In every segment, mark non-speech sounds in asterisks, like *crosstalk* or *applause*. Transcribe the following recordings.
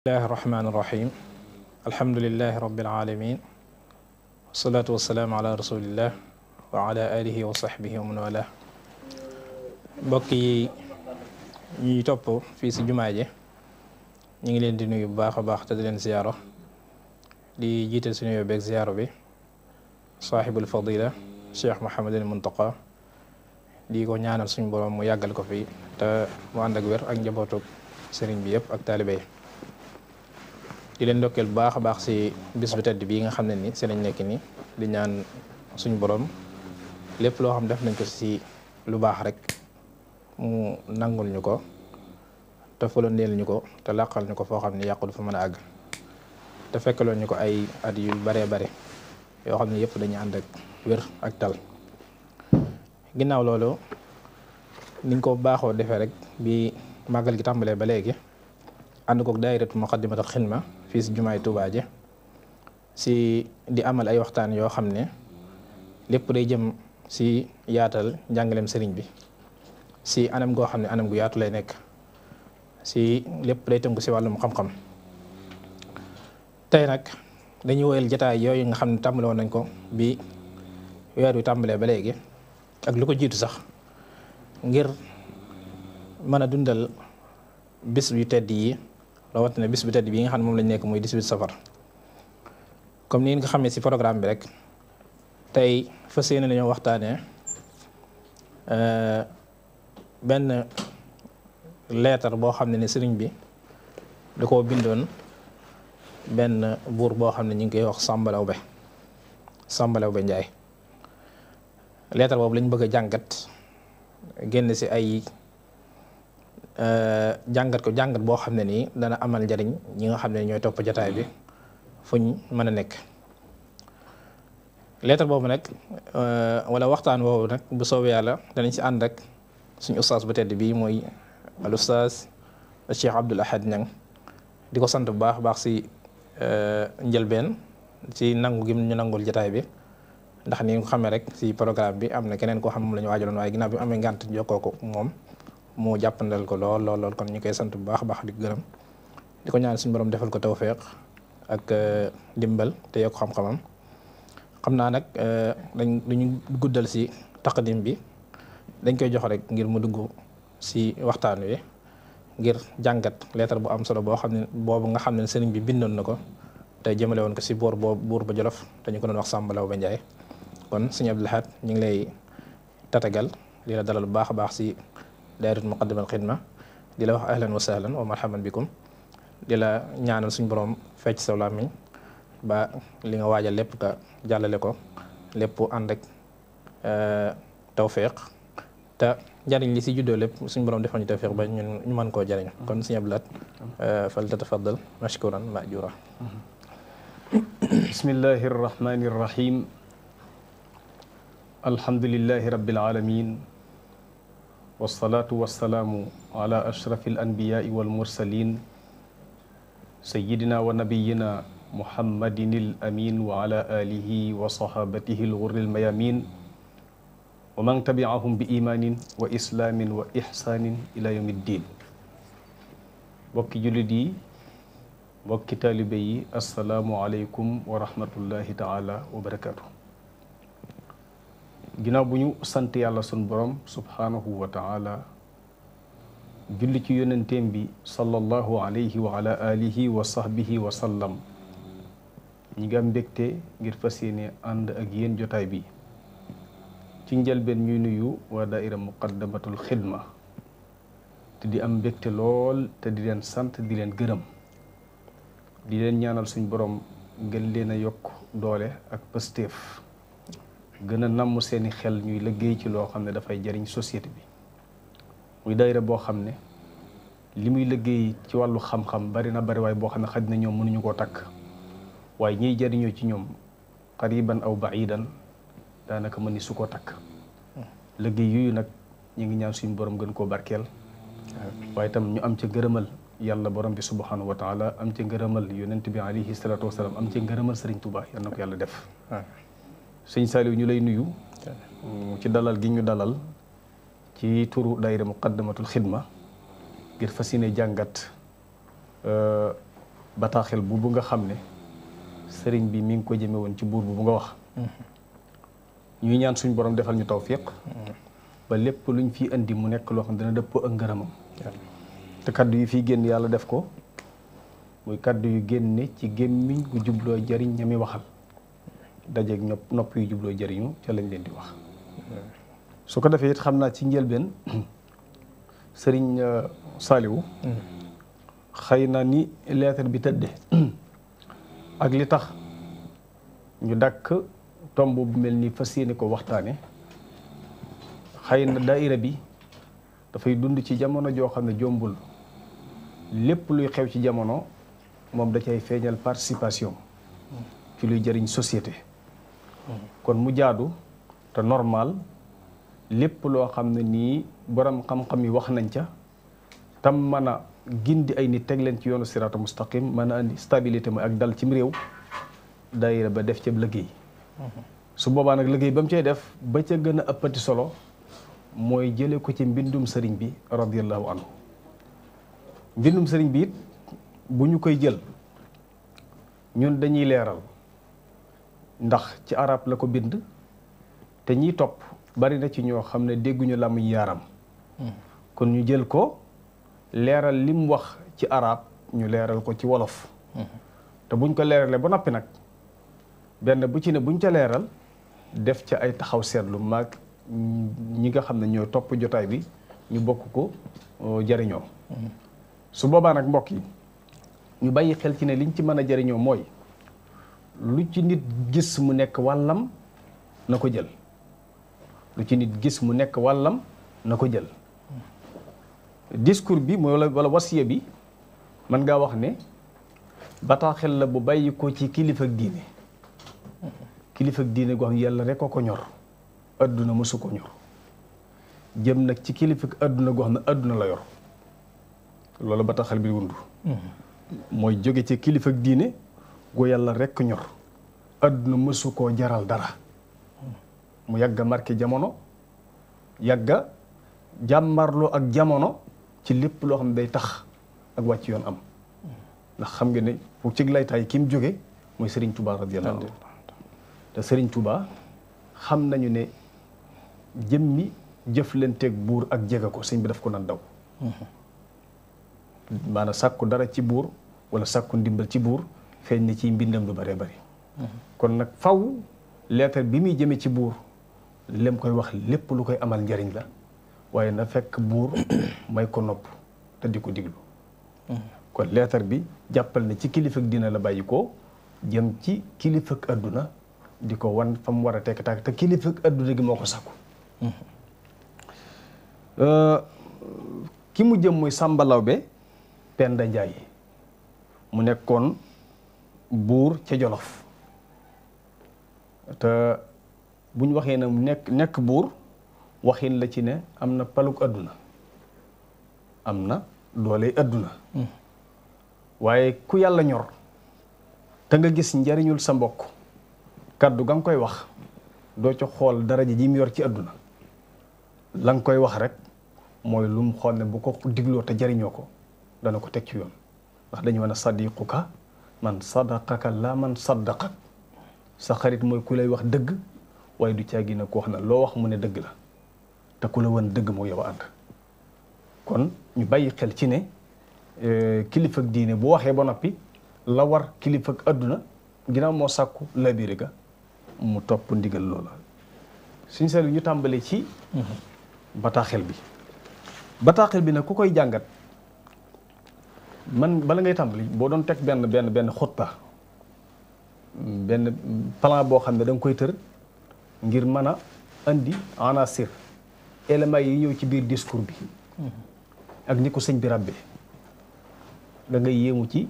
bismillahi irrahmani irrahim alhamdulilahi rabilalamin wasalatu wasalaamu ala rasulillah wa ala alihi wa sahbihi wa man wala mbokk yi ñuy topp fii si jumaa ji ñu ngi leen di nuyu bu baax a baax te di leen ziyaaro di jiital si nuyoo beeg ziyaaro bi saaxibul fadila cheikh mohamadin muntaqa di ko ñaanal suñu borom mu yàggal ko fi te mu ànd ak wér ak njabootu sëriñ bi yëpp ak taalibe yi di leen ndokkeel bu baax a baax si bis bu tedd bii nga xam ne ni seen lañ nekk ni di ñaan suñu borom lépp loo xam ne def nañ ko si lu baax rek mu nangul ñu ko te fulondeel ñu ko te làqal ñu ko foo xam ne yàqu du fa mën a àgg te fekkaloon ñu ko ay at yu baree bare yoo xam ne yëpp dañuy ànd ak wér ak tal ginnaaw loolu niñ ko baaxoo defee rek bi màggal gi tàmbalee ba léegi ànd koog daayiratu Muqaddimatul Xidma fii si jumaay Tuubaa ji si di amal ay waxtaan yoo xam ne lépp day jëm si yaatal njàngaleem sëriñ bi si anam goo xam ne anam gu yaatu lay nekk si lépp day tënku si wàllum xam-xam tey nag dañuy woyal jataay yooyu nga xam ne tàmbale nañ ko bi weer tàmbalee ba léegi ak lu jiitu sax ngir mën dundal bis yu tedd yi rawatina bis bu bi nga xam ne moom lañ nekk muy 18 safar comme ni nga xamee ci programme bi rek tey fas yéene nañoo waxtaanee euh, benn leetar boo xam ne ne sëriñ bi da koo bindoon benn buur boo xam ne ñu ngi koy wax Samba Laobé Samba Laobé njaay leetar boobu lañ bëgg a jàngat génn ci ay. Euh, jàngat ko jàngat boo xam ne nii dana amal njariñ ñi nga xam ne ñooy topp jataay bi fuñ mën a nekk leetar boobu nag euh, wala waxtaan woowu nag bu soobee yàlla danañ si ànd ak suñu ustaas bu tedd bii mooy al ustaas Cheikh Abdoul Ahad Niang di ko sant bu baax baax si euh, njëlbeen si nangu gi ñu nangul jataay bi ndax ni nga xamee rek si programme bi am na keneen koo xam moom la ñu waajaloon waaye ginnaaw bi amee ngànt jokkoo ko moom moo jàppandal ko lool lool lool kon ñu koy sant bu baax baax di gërëm di ko ñaan suñu borom defal ko tawféex ak euh, dimbal te yokk xam-xamam xam naa nag euh, dañ dañu guddal si taqdim bi dañ koy jox rek ngir mu dugg si waxtaan wi ngir jàngat leetar bu am solo boo xam ne boobu nga xam ne sëriñ bi bindoon na ko te jëmale woon ko si boor boobu buur ba Jolof te ñu ko doon wax Samba ba Ndiaye kon sëñ Abdou Lahad ñu ngi lay tatagal li la dalal baax a baax si daayiratu muqaddimal xidma di la wax ahlan wa sahlan wa marhaban bikum di la ñaanal suñ borom fecc sa làmmiñ ba li nga waaja lépp ka jàllale ko lépp ànd ak euh, tawféex jariñ li si juddoo lépp suñ borom defal ñu tawféex ba ñu mën koo jariñ mm-hmm. kon suñu ablaat euh, fal tatafaddal mashkuran majura mm-hmm. wasalaatu wasalaamu ala ashrafi alanbiyaai walmursalin sayidina wa nabiyina muhammadin il amin wa ala alihi wa sahabatihi lgurri lmayamin wa man tabiahum bi imaanin wa islaamin wa ixsaanin ila yawmi ddin mbokki jullit yi mbokki taalibe yi asalaamualeykum wa rahmatullahi taala wa barakatuh ginaaw bu ñu sant yàlla sun borom subhaanahu wa taala julli ci yonenteem bi sallallahu alayhi wa ala alihi wa sahbihi wa sallam ñi nga mbégte ngir fas yéene ànd ak yéen jotaay bi ci njëlbeen ñuy nuyu waa daaira muqaddamatul xidma te di am mbégte lool te di leen sant di leen gërëm di leen ñaanal suñ boroom gën leen a yokk doole ak pëstéef gën a namm seeni xel ñuy liggéey ci loo xam ne dafay jariñ société bi muy daayira boo xam ne li muy liggéey ci wàllu xam-xam bari na bari waaye boo xam ne xaj na ñoom mënuñu koo takk waaye ñuy jëriñoo ci ñoom xariban aw ba baidan daanaka mën ni su ko takk liggéey yooyu nag ñu ngi ñaan suñu borom gën koo barkeel waaye tam ñu am ca ngërëmal yàlla borom bi subhanahu wa taala am ca ngërëmal yonent bi alayhi salaatu wasalaam am ca ngërëmal sëriñ Tuubaa yal na ko yàlla def sëñ Saliou ñu lay nuyu ci dalal gi ñu dalal ci turu daayira muqaddamatul xidma ngir fas yéene jàngat euh, bataaxel bu bu nga xam ne sëriñ bi mu ngi ko jëme woon ci buur bi bu nga wax ñuy ñaan suñ borom defal ñu tawfiq ba lépp luñ fi indi mu nekk loo xam dina dëppoo ak ngërëmam te kaddu yi fiy génn yàlla def ko muy kàddu yu génne ci gémmiñ gu jubloo jariñ ñami waxal dajeeg ñopp nopp yu jubloo jëriñu ca lañ leen di wax su ko defee it xam naa ci njëlbeen sëriñ *clears throat* euh, Saliou mm-hmm. xëy na ni leetar bi tëdde *clears throat* ak li tax ñu dakk tomb bu mel ni fas yéene ko waxtaane xëy na daayira bi dafay dund ci jamono joo xam ne jombul lépp luy xew ci jamono moom da cay feeñal participation ci luy jëriñ société kon mu jaadu te normal lépp loo xam ne nii borom xam-xam yi wax nañ ca tam mën a gindi ay nit teg leen ci yoonu siraatu mustaqim mën a stabilité mooy ak dal cim réew day ba def ca liggéey su boobaa nag liggéey ba mu cay def ba ca gën a ëppati solo mooy jële ko ci mbindum sëriñ bi radiallahu anhu mbindum sëriñ bi it bu ñu koy jël ñun dañuy leeral ndax ci arab la ko bind te ñiy topp bari na ci ñoo xam ne dégguñu làmmiñ yaaram kon ñu jël ko leeral lim wax ci arab ñu leeral ko ci wolof te buñ ko leeralee ba noppi nag benn bu ci ne buñ ca leeral def ca ay taxaw seetlu maag ñi nga xam ne ñoo topp jotaay bi ñu bokk ko jariñoo mm-hmm. su boobaa nag mbokk yi ñu bàyyi xel ci ne liñ ci mën a jariñoo mooy lu ci nit gis mu nekk wàllam na ko jël lu ci nit gis mu nekk wàllam na ko jël discours bi mooy wala wasiya bi man ngaa wax ne bataaxel la bu bàyyi ko ci kilifa ak diine kilifa ak diine goo xam yàlla ko ñor adduna mësu ko jëm nag ci kilifa ak adduna la yor loolu bataaxel bi wundu mm-hmm. mooy jóge ci kilifa ak diine gu yàlla rekk ñor adduna mësu koo jaral dara mu yàgg a marqué jamono yàgga jàmmarloo ak jamono ci lépp loo xam ne day tax ak wàcc yoon am ndax xam nga ne pour cig laytaay jóge mooy Serigne Touba radiyallahu anhu xam nañu ne jëmmi jëflanteeg buur ak jege sëñ bi daf ko nan daw mhm. maanaam sàkku dara ci buur wala sàkku ndimbal ci buur feeñ na ci mbindam lu bëree bëri mhm. kon nag faw leetar bi muy jëme ci buur lem koy wax lépp lu koy amal njariñ la waaye na fekk buur *coughs* may ko nopp te di ko diglu mhm. kon leetar bi jàppal na ci kilifa dina la bàyyi ko jëm ci kilifa adduna di ko wan fa mu war a tekk tàkk te kilifa adduna gi moo ko sakku mhm. euh, ki mu jëm muy Sàmba Lawbe Penda Njaay mu nekkoon buur ca jolof te buñ waxee mu nekk nekk buur waxin la ci ne am na palug àdduna am na doole àdduna hmm. waaye ku yàlla ñor te nga gis njariñul sa mbokk kàddu gaa nga koy wax doo ca xool daraja ji mu yor ci àdduna la nga koy wax rek mooy lu mu xool ne bu ko digloo te jariñoo ko dana ko teg ci yoon ndax dañu mën a sadiquka man sadaqaka la man saddaqak sa xarit mooy ku lay wax dëgg waaye du caagi na ku wax na loo wax mu ne dëgg la te ku la woon dëgg moo yow ànd kon ñu bàyyi xel ci ne eh, kilifa ak diine bu waxee ba noppi la war kilifa ak àdduna ginnaaw moo sàkku labiré ga mu topp ndigal loola suñ seetlu ñu tàmbalee ci mm-hmm. bataaxel bi bataaxel bi nag ku koy jàngat man bala ngay tàmbali boo doon teg benn benn benn xotpa benn plan boo xam ne da koy tër ngir mën a andi anasir éléments yi ñëw ci biir discours bi ak ni ko sëñ bi ràbbe da ngay yéemu ci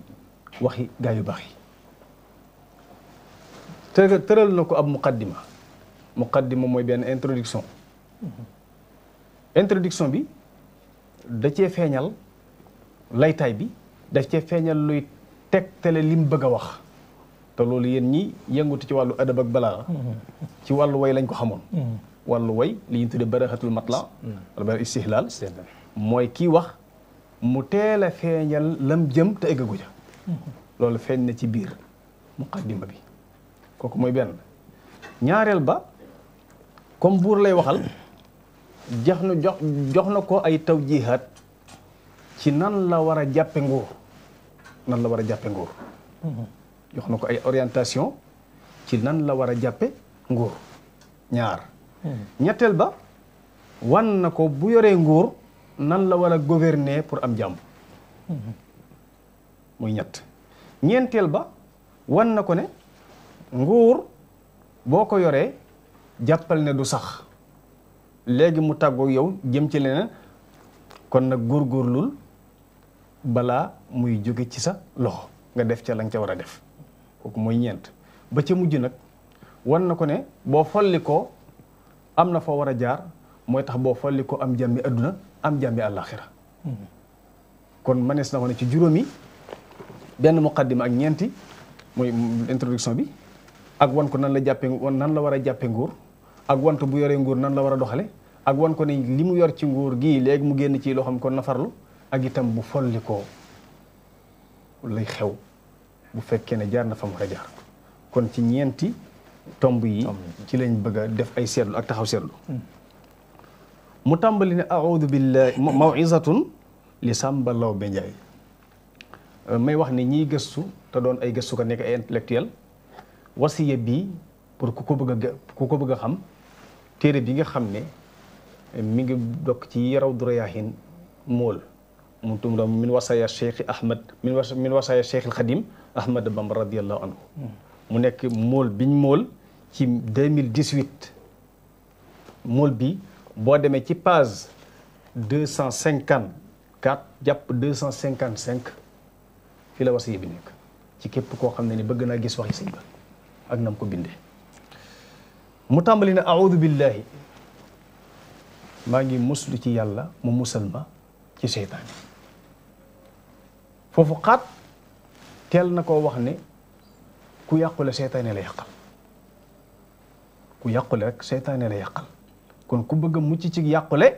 waxi gaa yu baax yi te tëral na ko ab muqaddima muqaddima mooy benn introduction introduction bi da cee feeñal laytaay bi daf cee feeñal luy tegtale lim bëgg a wax te loolu yéen ñi yëngatu ci wàllu adab ak balaa mm-hmm. ci wàllu way lañ ko xamoon mm-hmm. wàllu way li ñu tudde baraxatul matla mm-hmm. wala bara mooy kii wax mu teel a feeñal lam jëm te eggagu ja loolu feeñ na ci biir muqaddima bi kooku mooy benn ñaareel ba comme buur lay waxal jox na jox na ko ay tawjihaat ci nan la war a jàppe nguur nan la war a jàppe nguur na ko ay orientation ci nan la war a jàppe nguur ñaar ñetteel ba wan na ko bu yoree nguur nan la war a gouverner pour am jàmm muy ñett ñeenteel ba wan na ko ne nguur boo ko yoree jàppal ne du sax léegi mu tàggoog yow jëm ci leneen kon nag góorgóorlul balaa muy jóge ci sa loxo nga def ca la nga war a def kooku mooy ñeent ba ca mujj nag wan na ko ne boo folli koo am na foo war a jaar mooy tax boo folli koo am jàmmi adduna am jàmmi àllaaxira kon manees na ko ne ci juróomi benn muqaddima ak ñeenti mooy introduction bi ak wan ko nan la jàppe nan la war a jàppe nguur ak wan ko bu yoree nguur nan la war a doxale ak wan ko ne li mu yor ci nguur gi léegi mu génn ci loo kon na farlu ak itam bu folli ko lay xew bu fekkee ne jaar na fa mu war jaar kon ci ñeenti tomb yi ci lañ bëgg a def ay seetlu ak taxaw seetlu hmm. mu tàmbali ne audu billahi mawizatun li Sàmba Lawbe Njaay euh, may wax ne ñiy gëstu te doon ay gëstu ko nekk ay intellectuel wasiya bii pour ku ko bëgg ku ko bëgg a xam téere bi nga xam ne mi ngi dokk ci yaraw durayaahin mool mu tumram min wasaya cheikh ahmad min was min wasaya cheikh al khadim ahmad bamba radiallahu anhu mu nekk mool biñ mool ci 2018 mool bi boo demee ci page 254 jàpp 255 fii la wasiya bi nekk ci képp koo xam ne ni bëgg naa gis waxi sëñ ba ak nam ko bindee mu tàmbali na aoudu billahi maa ngi muslu ci yàlla mu musal ma ci seytaane foofu xat teel na koo wax ne ku yàqule seytaane la yàqal ku yàqule rek seytaane la yàqal kon ku bëgg a mucc ci yàqule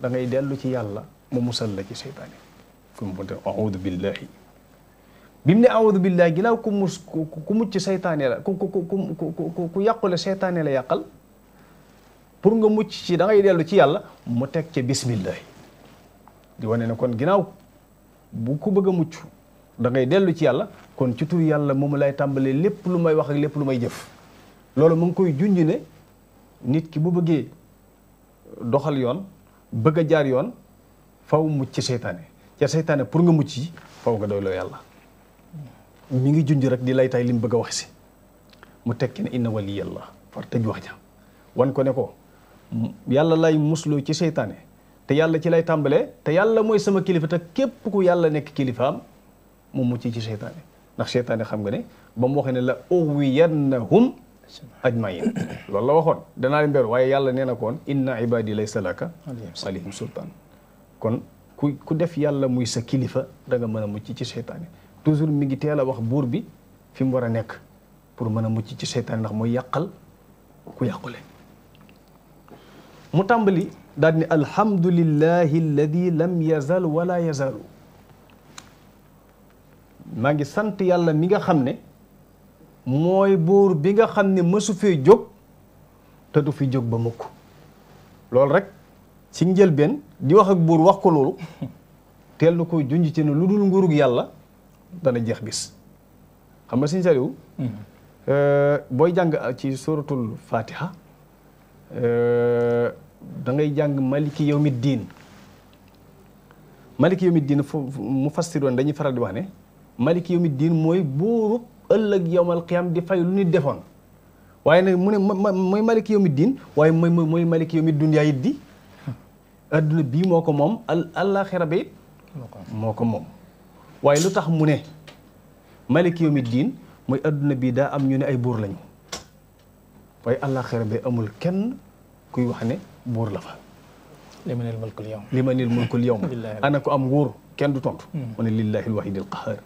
da ngay dellu ci yàlla mu musal la ci seytaane kon bu audu billahi bi mu ne audu billahi ginnaaw ku mus ku mucc seytaane la ku ku ku ku yàqule seytaane la yàqal pour nga mucc ci da ngay dellu ci yàlla mu teg ci bismillahi di wane ne kon ginnaaw bu ku bëgg a mucc da ngay dellu ci yàlla kon ci tur yàlla moomu lay tàmbalee lépp lu may wax ak lépp lu may jëf loolu mu ngi koy junj ne nit ki bu bëggee doxal yoon bëgg a jaar yoon faw mucc ci seytaane ca seytaane pour nga mucc yi faw nga doyloo yàlla mu ngi junj rek di lay tay li bëgg a wax si mu tekki ne inna waliyallah far tëj wax ja wan ko ne ko yàlla lay musloo ci seytaane te yàlla ci lay tàmbalee te yàlla mooy sama kilifa te képp ku yàlla nekk kilifaam mu mucc ci seytaane ndax seytaane xam nga ne ba mu waxee ne la uwiyannahum ajmain *coughs* loolu la waxoon danaa leen beru waaye yàlla nee na koon inna ibadi laysa laka alayhim sultaan kon ku ku def yàlla muy sa kilifa da nga mën a mucc ci seytaane toujours mi ngi teel a wax buur bi fi mu war a nekk pour mën a mucc ci seytaane ndax mooy yàqal ku yàqule mu tàmbali daal ni alhamdulillahi alladi lam yazal wala yazalu maa ngi sant yàlla mi nga xam ne mooy buur bi nga xam ne mësu fee jóg te du fi jóg ba mukk loolu rek ci njëlbeen di wax buur wax ko loolu teel na ko junj ci ne lu dul nguurug yàlla dana jeex bis xam nga siñ sariw mm-hmm. euh, booy jàng ci suratul fatiha Euh, da ngay jàng maliki yawmi diin maliki yawmi diin foofu mu fassiroon dañuy faral di wax ne maliki yawmi diin mooy buurub ëllëg yawmal qiyaam di fay lu nit defoon waaye nag mu ne mooy maliki yawmi diin waaye mooy mooy maliki yawmi dunyaa adduna bii moo ko moom al àllaaxira ba moo ko moom waaye lu tax mu ne maliki yawmi diin mooy adduna bii daa am ñu ne ay buur lañu waaye àllaaxira bi amul kenn kuy wax ne buur la fa. limanil mulkul yawm limanil mulkul yawm *laughs* ana ko am nguur kenn du tontu. Hmm. mu ne lillahi alwahidil qahar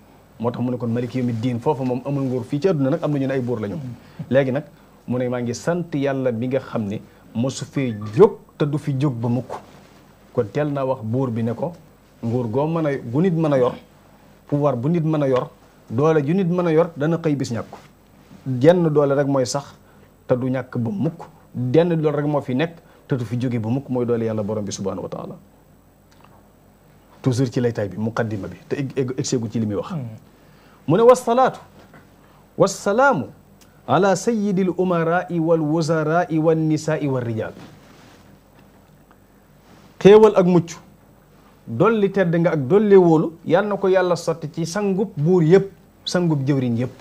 moo tax mu ne kon malik yawmi diin foofu moom amul nguur fii ci àdduna nag am nañu ne ay buur la ñu. Hmm. *laughs* léegi nag mu ne maa ngi sant yàlla bi nga xam ne mosu fee jóg te du fi jóg ba mukk kon teel naa wax buur bi ne ko nguur goo mën a gu nit mën a yor pouvoir bu nit mën a yor doole ju nit mën a yor dana xëy bis ñàkk jenn doole rek mooy sax. te du ñàkk ba mukk denn loolu rek moo fi nekk te du fi jóge ba mukk mooy doole yàlla borom bi subhaanahu wa taala toujours ci laytaay bi muqaddima bi te egseegu ci li muy wax mu ne wasalaatu wasalaamu ala sayidi l umarai wal wuzarai wal nisaai wal rijal xéewal ak mucc dolli tedd nga ak dolli wóolu yal na ko yàlla sotti ci sangub buur yëpp sangub jëwriñ yëpp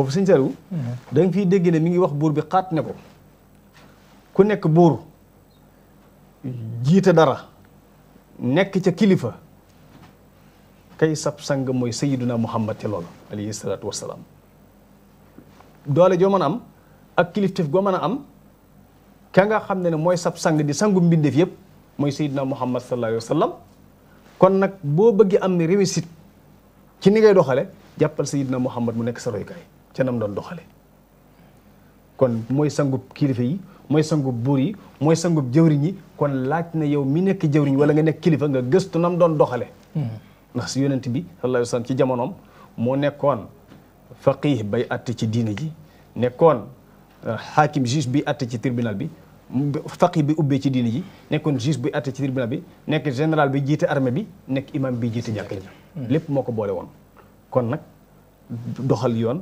foofu sëñ Saliou mhm. da nga fiy dégg ne mi ngi wax buur bi xaat ne ko ku nekk buur jiita dara nekk ca kilifa kay sab sang mooy sayiduna muhammad ci loolu alayhi salaatu wasalaam doole joo mën am ak kilifteef goo mën a am ka nga xam ne ne mooy sab sang di sangu mbindeef yëpp mooy sayiduna muhammad sallallahu alayhi wa kon nag boo bëggee am réussite ci ni ngay doxale jàppal sayiduna muhammad mu nekk sa royukaay ca nam doon doxale kon mooy sangub kilifa yi mooy sangub buur yi mooy sangub jëwriñ yi kon laaj na yow mi nekk jëwriñ wala nga nekk kilifa nga gëstu nam doon doxale hmm. ndax si yonent bi sallallahu alayhi ci jamonoom moo nekkoon faqih bay àtte ci diina ji nekkoon euh, xaakim juge bi àtte ci tribunal bi faqih bi ubbee ci diina ji nekkoon juge bi àtte ci tribunal bi nekk général bi jiite armée bi nekk imam bi jiite jàkka ji hmm. lépp moo ko boole woon kon nag doxal yoon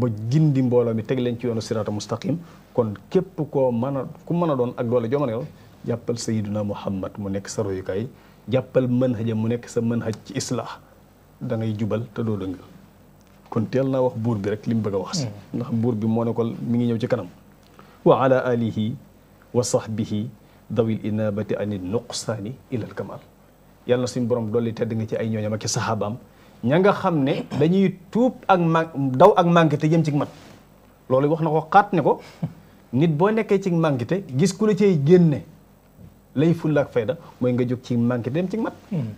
ba gindi mbooloo mi teg leen ci yoonu sirata mustaqim kon képp koo mën a ku mën a doon ak doole jomaneel jàppal sayiduna muhammad mu nekk sa royukaay jàppal manhaja mu nekk sa manhaj ci islah da ngay jubal te doo dëngal kon teel naa wax buur bi rek li mu bëgg a wax si hmm. ndax buur bi moo ne ko mi ngi ñëw ci kanam wa ala alihi wa sahbihi dawil inabati ani nuqsaani ilal kamal yàlla na suñu borom dolli tedd nga ci ay ñooñam ak i saxaabaam ña nga xam ne dañuy tuub ak man daw ak mànkite jëm ci mat loolu wax na ko xaat ne ko nit boo nekkee ci mànkite gis ku la cay génne lay fulla ak fayda mooy nga jóg ci mànkite dem ci mat hmm.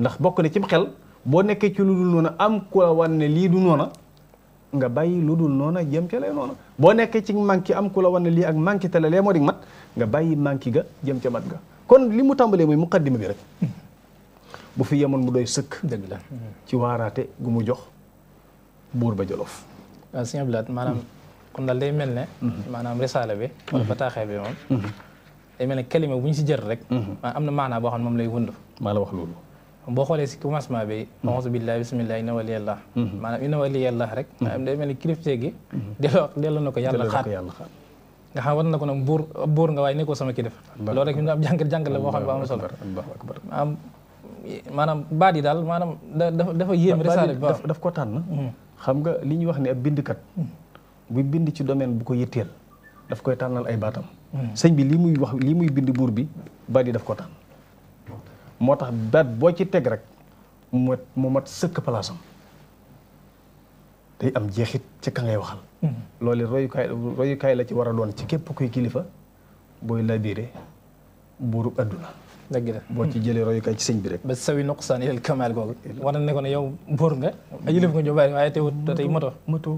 ndax bokk na ci xel boo nekkee ci lu dul noona am kula la wan ne lii du noona nga bàyyi lu dul noona jëm ca lay noona boo nekkee ci manqué am ku la wan ne lii ak manqué te la lee moo di mat nga bàyyi manqué ga jëm ca mat ga kon li mu tàmbalee mooy muqaddima bi rek hmm. bu fi yemoon mu doy sëkk. la ci waaraate gu mu jox buur ba jolof. waaw ah, sëñ Abdoulaye maanaam kon daal day mel ne. Mhm. maanaam risaala bi. Mhm. wala bataaxee bi moom. Mhm. day mel ne kalima bu ñu si jël rek. am na maanaa boo xam ne moom lay wënd. maa la wax loolu. boo xoolee si commencement bi. auzu billahi bismillahi inna waliyallah. maanaam inna waliyallah rek. maanaam mel ni kilifte gi. delloo delloo na ko yàlla xaat nga xam war na ko nag buur buur nga waaye nekkoo sama kilif. loolu rek ñu am jàngat jàngat la boo xam ne bu am maanaam baat yi daal maanaam dafa dafa yéem risaale bi daf ko tànn hmm. xam nga li ñu wax ne ab bindkat hmm. bu bind ci domaine bu ko yitteel daf koy tànnal ay baatam hmm. sëñ bi li muy wax li muy bind buur bi baat yi daf ko tànn moo tax baat boo ci teg rek mu mat mu mat sëkk palaasam day am jeexit ci ka ngay waxal loolu royukaay royukaay la ci war a doon ci képp kuy kilifa booy labiré buurub adduna dëgg boo ci jëlee royukaay ci sëñ bi rek ba sawi nuqsaan ilal kamaal googu war na yow mbóor nga a yëlëf nga ñu bari waaye teewut tey moto moto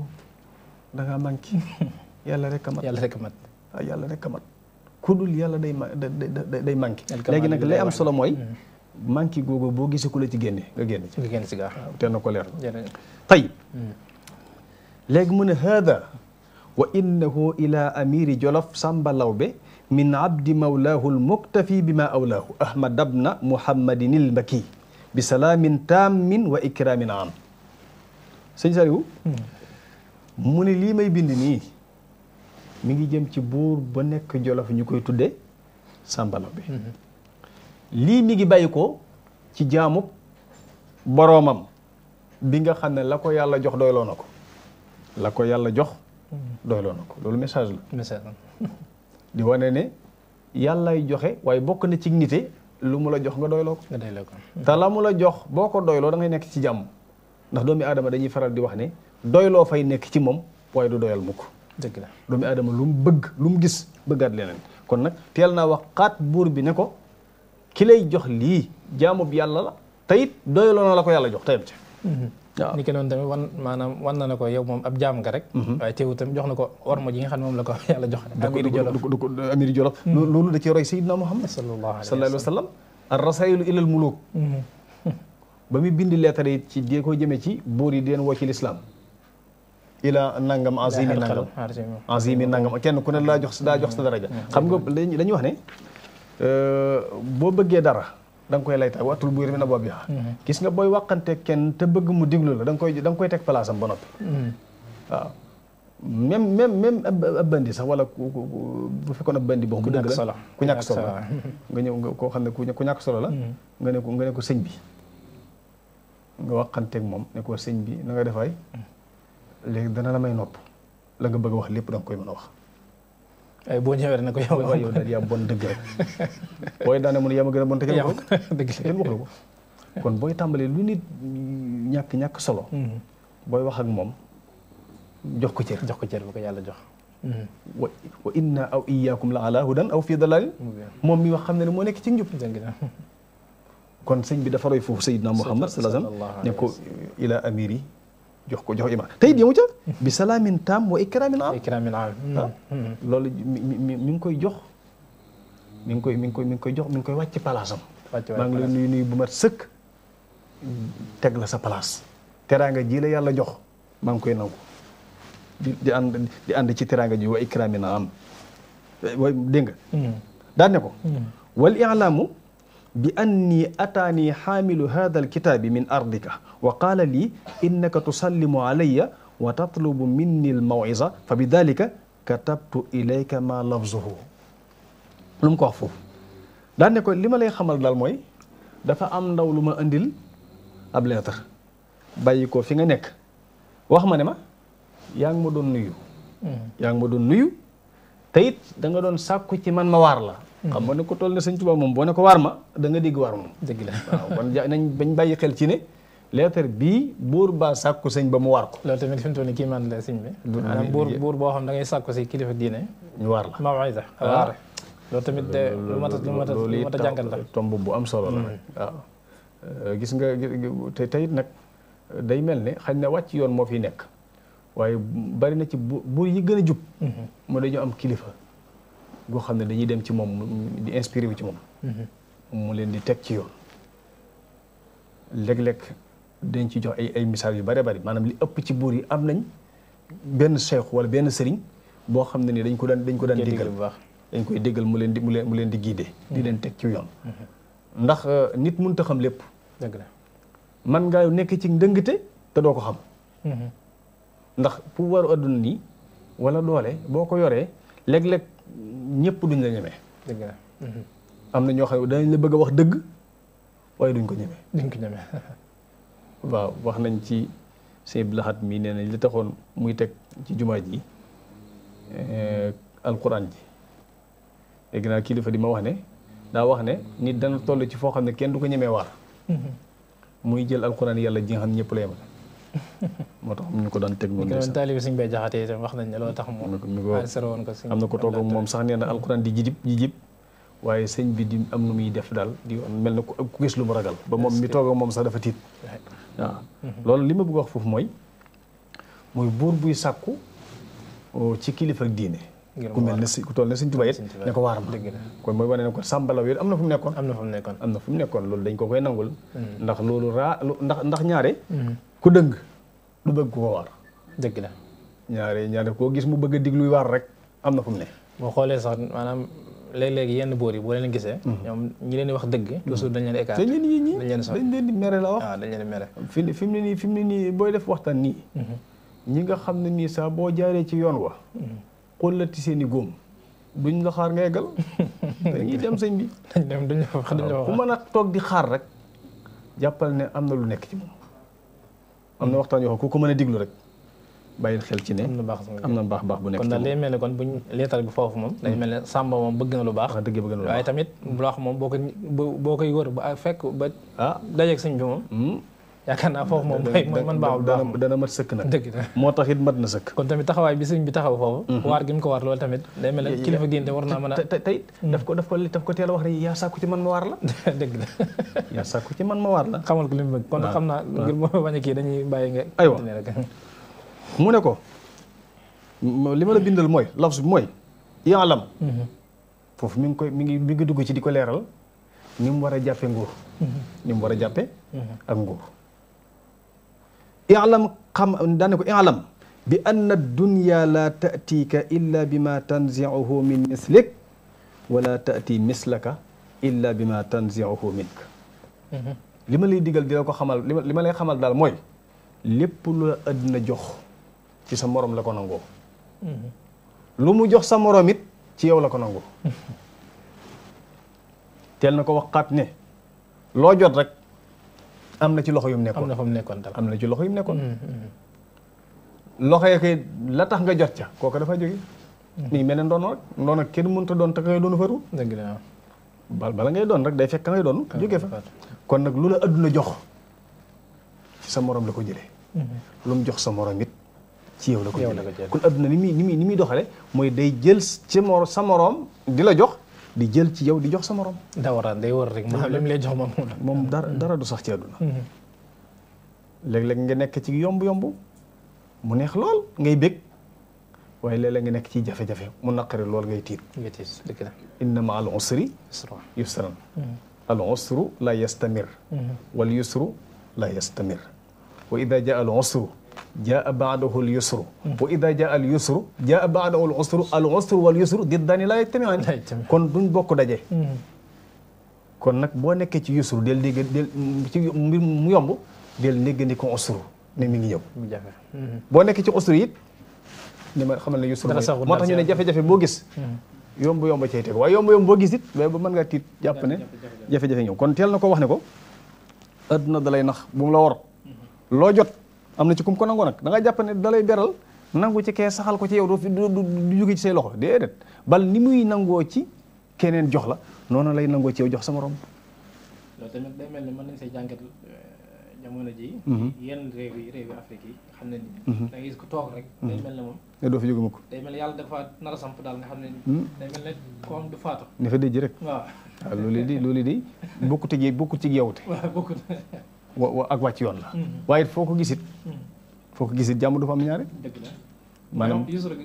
da ngaa manqué *laughs* yàlla rek a mat yàlla rek a mat waaw ah, yàlla rek a ku dul yàlla day day manqué léegi nag lay am solo mooy mm-hmm. manqué googu boo gisee ku la ci génne nga génn ci nga génn ci gaaw te na ko leer tayib mm-hmm. léegi mu ne haada wa innahu ila amiri jolof sàmba lawbe min abdi mawlaahu almuktafi bima awlaahu ahmad abna muhammadin ilmaki bi salaamin taamin wa ikraamin am sëñ Saliou mu ne lii may bind nii mi ngi jëm ci buur ba nekk jolof ñu koy tudde sàmbalo bi lii mi ngi bàyyi ko ci jaamub boroomam bi nga xam ne la ko yàlla jox doyloo na ko la ko yàlla jox doyloo na loolu message la *laughs* di wane ne yàllaay joxe waaye bokk na ci nite lu mu la jox nga doyloo ko. nga doyloo ko te la mu la jox boo ko doyloo da ngay nekk ci jàmm ndax doomi aadama dañuy faral di wax ne doyloo fay nekk ci moom waaye du doyal mukk dëgg la doomi adama lu mu bëgg lu mu gis bëggaat leneen kon nag teel naa wax xaat buur bi ne ko ki lay jox lii jaamub yàlla la te it doyloo na la ko yàlla jox tayam ca mhm. ni ki noonu tamit wan maanaam wan na ne ko yow moom ab jaam nga rek mhm. waaye teewul tamit jox na ko ormo ji nga xam ne moom la ko *laughs* yàlla jox amiri jolof amiri mhm. jolof loolu da cee roy sayidina muhammad sallallahu alayhi wa sallam ar rasailu ila al muluk mhm. *laughs* ba muy bind ci dee ko jëmee ci buur yi di leen woo ci lislaam ila nangam azimi nangam azimi nangam kenn ku ne laa jox daa jox sa daraja xam nga dañuy wax ne euh, boo bëggee dara da koy laytaay watul buy rëmi na boob mhm. yaa gis nga booy waxante kenn te bëgg mu diglu la da koy da nga koy teg place am ba noppi mhm. waaw même même même ab bandi sax wala bu fekkoon ab bandi boo xam dëgg la ku ñàkk solo la nga ñëw nga koo xam ne ku ñàkk solo la mhm. nga ne ko nga ko sëñ bi nga waxanteeg moom ne ko sëñ bi na nga defaay léegi dana la may nopp la nga bëgg a wax lépp da koy mën a wax Eh, boo ñëwee na ko yow waaw yow daal yaa bon dëgg rek booy la kon booy tàmbalee lu nit ñàkk ñàkk solo mhm. booy wax moom jox ko cër jox ko cër bu yàlla jox mhm. wa wa inna aw iyaakum la ala hudan aw fii dalalin moom mi wax xam ne ne moo nekk ci njub kon sëñ bi dafa roy foofu Seydina Muhammad sallallahu alayhi wa sallam amiri jox ko jox imaam te it yemu ca bi salaamin taam wa ikraamin aam ikraamin ah. hmm, hmm. mi ngi koy jox mi ngi koy mi ngi koy mi ngi koy jox mi ngi koy wàcc palaasam maa ngi lay nuyu nuyu bu mat sëkk teg la sa palaas teraanga ji la yàlla jox maa ngi koy nangu di di di ci teraanga ji wa ikraamin aam wa dégg hmm. ne ko wal ilaamu bi anni ataani xaamilu haada alkitaabi min ardika wa qaala lii innaka tusallimu alayya wa tatlubu minni al mawisa fa bi dalika katabtu ma lafzuhu lu ko wax foofu daan li ma lay xamal daal mooy dafa am ndaw lu ma indil ab leetar bàyyi ko fi nga nekk wax ma ne ma yaa ngi ma doon nuyu hmm. yaa ngi ma doon nuyu te it da doon sàkku ci man ma waar la hmm. xam nga ne ko toll ne sëñ Tuubaa moom boo ne ko waar ma da nga dégg waar moom dëgg xel ci ne lettre bii buur baa sàkku sëñ ba mu war ko. loolu tamit fi kii man la sëñ bi. maanaam buur boo xam da ngay sàkku si kilifa diine. ñu war la mawida ah. waare loolu tamit eh, lu mat a a lu bu am solo mm-hmm. ah. eh, gis nga nag day mel ne xañ na wàcc yoon moo fi nekk waaye bari na ci buur gën a jub. mu mm-hmm. dañoo am kilifa. goo xam ne dañuy dem ci moom di inspiré ci moom. Mm-hmm. mu leen di teg ci yoon léeg-léeg. dañ ci jox ay ay misaal yu bare bari maanaam li ëpp ci buur yi am nañ benn cheikh wala benn sëriñ boo xam ne ni dañ ko daan dañ ko daan déggal bu baax dañ koy déggal mu leen di mu leen leen di guider. di leen teg ci yoon. Mm-hmm. Euh, nit mënut xam lépp. dëgg la man nekk ci ndëngte te doo ko xam. Mm-hmm. ndax pouvoir adduna nii wala doole boo ko yoree léeg ñëpp duñ la ñemee. dëgg la mm-hmm. am na bëgg a wax dëgg waaye duñ ko ñemee. duñ ko ñemee. *laughs* waaw wax nañ ci sëñ Abdou Lahad mii nee nañ li taxoon muy teg ci jumaa ji eh, alquran ji dégg naa kilifa di ma wax ne daa wax ne nit dana toll ci foo xam ne kenn du ko ñemee waar muy jël alquran yàlla ji nga xam ne la yemal moo tax ñu ko daan teg noonu doon taalibi suñ bay jaxate itam wax nañ ne loolu tax moom woon ko am na ko toog moom sax nee na alquran di jijib jijib waaye sëñ bi di am nu muy def daal di mel na ku gis lu mu ragal ba moom mi toog moom sax dafa tiit waaw loolu li ma bëgg wax foofu mooy mooy buur buy sàkku ci kilifa ak diine ku mel ne si ku toll ne Sëñ Tuubaa it ko waaram kon mooy ko sàmbalaw yooyu am na fu mu nekkoon am na fu mu nekkoon am na fu loolu dañ ko koy nangul mm-hmm. ndax loolu raa ndax ndax ñaare mm-hmm. ku dëng du bëgg ko waar dëgg na ñaare ñaare koo gis mu bëgg a digluy waar rek am na fu ne boo xoolee sax léeg léegi yenn boor yi boo leen gisee. Mhm. ñoom ñi leen di wax dëgg. Mhm. toujours dañ leen di écarté dañ leen di dañ leen di mere la wax. waaw ah, dañ leen mere. fi fi mu ne nii fi ne nii booy def waxtaan nii. Mhm. ñi nga xam ne nii sax boo jaaree ci yoon wa. xollati seen i góom. duñ la xaar nga eggal. *laughs* dañuy dem sañ bi. dañ dem duñ la wax duñ la wax ku mën a toog di xaar rek. jàppal ne am na lu nekk ci moom. am na waxtaan yoo xam ku ko mën a diglu rek. bàyyil xel ci ne am na baax baax bu nekk kon daal day ne kon buñ leetal bi foofu moom day mel ne Samba moom bëgg na lu baax ah, dëgg bëgg na lu baax waaye moom boo ko boo koy wër ba fekk ba ah dajeeg sëñ bi moom hmm. yaakaar naa foofu moom man baaxul baax dana mat sëkk nag dëgg moo tax it mat na sëkk kon tamit taxawaay bi sëñ bi taxaw foofu hmm. waar gi mu ko war loolu mel ne kilifa diine war naa mën a tey hmm. daf ko ko daf ko a wax rek ci man ma waar la *laughs* dëgg la yaa sàkku man ma waar la xamal ko li mu bëgg kon ah. xam naa ah. ngir moo bañ a kii dañuy bàyyi nga aywa mu ne ko li ma la bindal mooy lafs bi mooy yaalam foofu mi ngi koy mi ngi dugg ci di ko leeral ni war a jàppe nguur ni war a jàppe ak nguur ilam xam daane ko ilam bi anna dunya la tatika illa bima tanziuhu min mislik wala tati mislaka illa bima tanziuhu minka mhm. li ma lay digal di la ko xamal li ma lay xamal daal mooy lépp lu la jox ci sa morom la ko nangoo lu mu jox sa morom ci yow la ko nangoo teel na ko wax waxaat ne loo jot rek am na ci loxo yu mu nekkoon na fa mu nekkoon dara am na ci loxo yu mu mm-hmm. loxo ya kay la tax nga jot ca kooka dafa jóge mm-hmm. mi ngi mel ne ndono rek kenn mënut a doon te ngay doon faru dëgg bal bala ngay doon rek day fekk ngay doon jóge fa kon nag lu la adduna jox ci sa morom la ko jële mm-hmm. lu mu jox sa morom ci yow la ko jëlee kon adduna ni muy ni muy ni muy doxale mooy day jël ci la jox di jël ci yow di jox sa moroom da waraan day war rek maanaam li mu lay jox moom moom dara dara du mm-hmm. nekk ci yomb-yomb mu neex lool ngay bég waaye léeg-léeg nekk ci jafe-jafe mu naqari lool ngay tiit nga tiit dëgg la inna ma al usri yusran mm-hmm. al usru la mm-hmm. yusru la yastamir wa ida jaa al usru jaa baadahu al yusru wa ida jaa al yusru jaa baadahu al usru al usru wal yusru diddani laa yajtamiaani kon duñ bokk daje hmm. kon nag boo nekkee ci yusru del dégg del ci mbir mu yomb del néggandi ko usru ne mi ngi ñëw hmm. boo nekkee ci usru it ma xamal ne yusru moo tax ñu ne jafe-jafe boo gis hmm. yomb yomb cay teg waaye yomb yomb boo gis it ba mën ngaa tiit jàpp ne jafe-jafe ñëw kon teel na ko wax ne ko adduna dalay nax bu mu la war loo jot am na ci kum ko nangoo nag da nga jàpp ne da beral nangu ci kee saxal ko ci yow du jóge ci say loxo déedéet bal ni muy nangoo ci keneen jox la noonu lay nangoo ci yow jox sa morom. loolu day mel ni mën nañ say jàngat euh, jamono ji. Mm-hmm. yenn réew yi réew xam ne nii. Mm-hmm. da gis ko toog rek. Mm-hmm. day mel ne moom. nga eh, doo fi jóge mukk. day mel ne yàlla dafa nar a samp daal nga xam ne. day mel ne koom du faatu. ne fa dëj rek. waaw ah, loolu di loolu di bokkut ak yow bokkut ci yow te. *laughs* waaw *laughs* wa ak yoon la. Mm-hmm. waaye foo ko gisit mm-hmm. foo ko gisit jàmm du fa am ñaare. dëgg la maanaam xusra rek.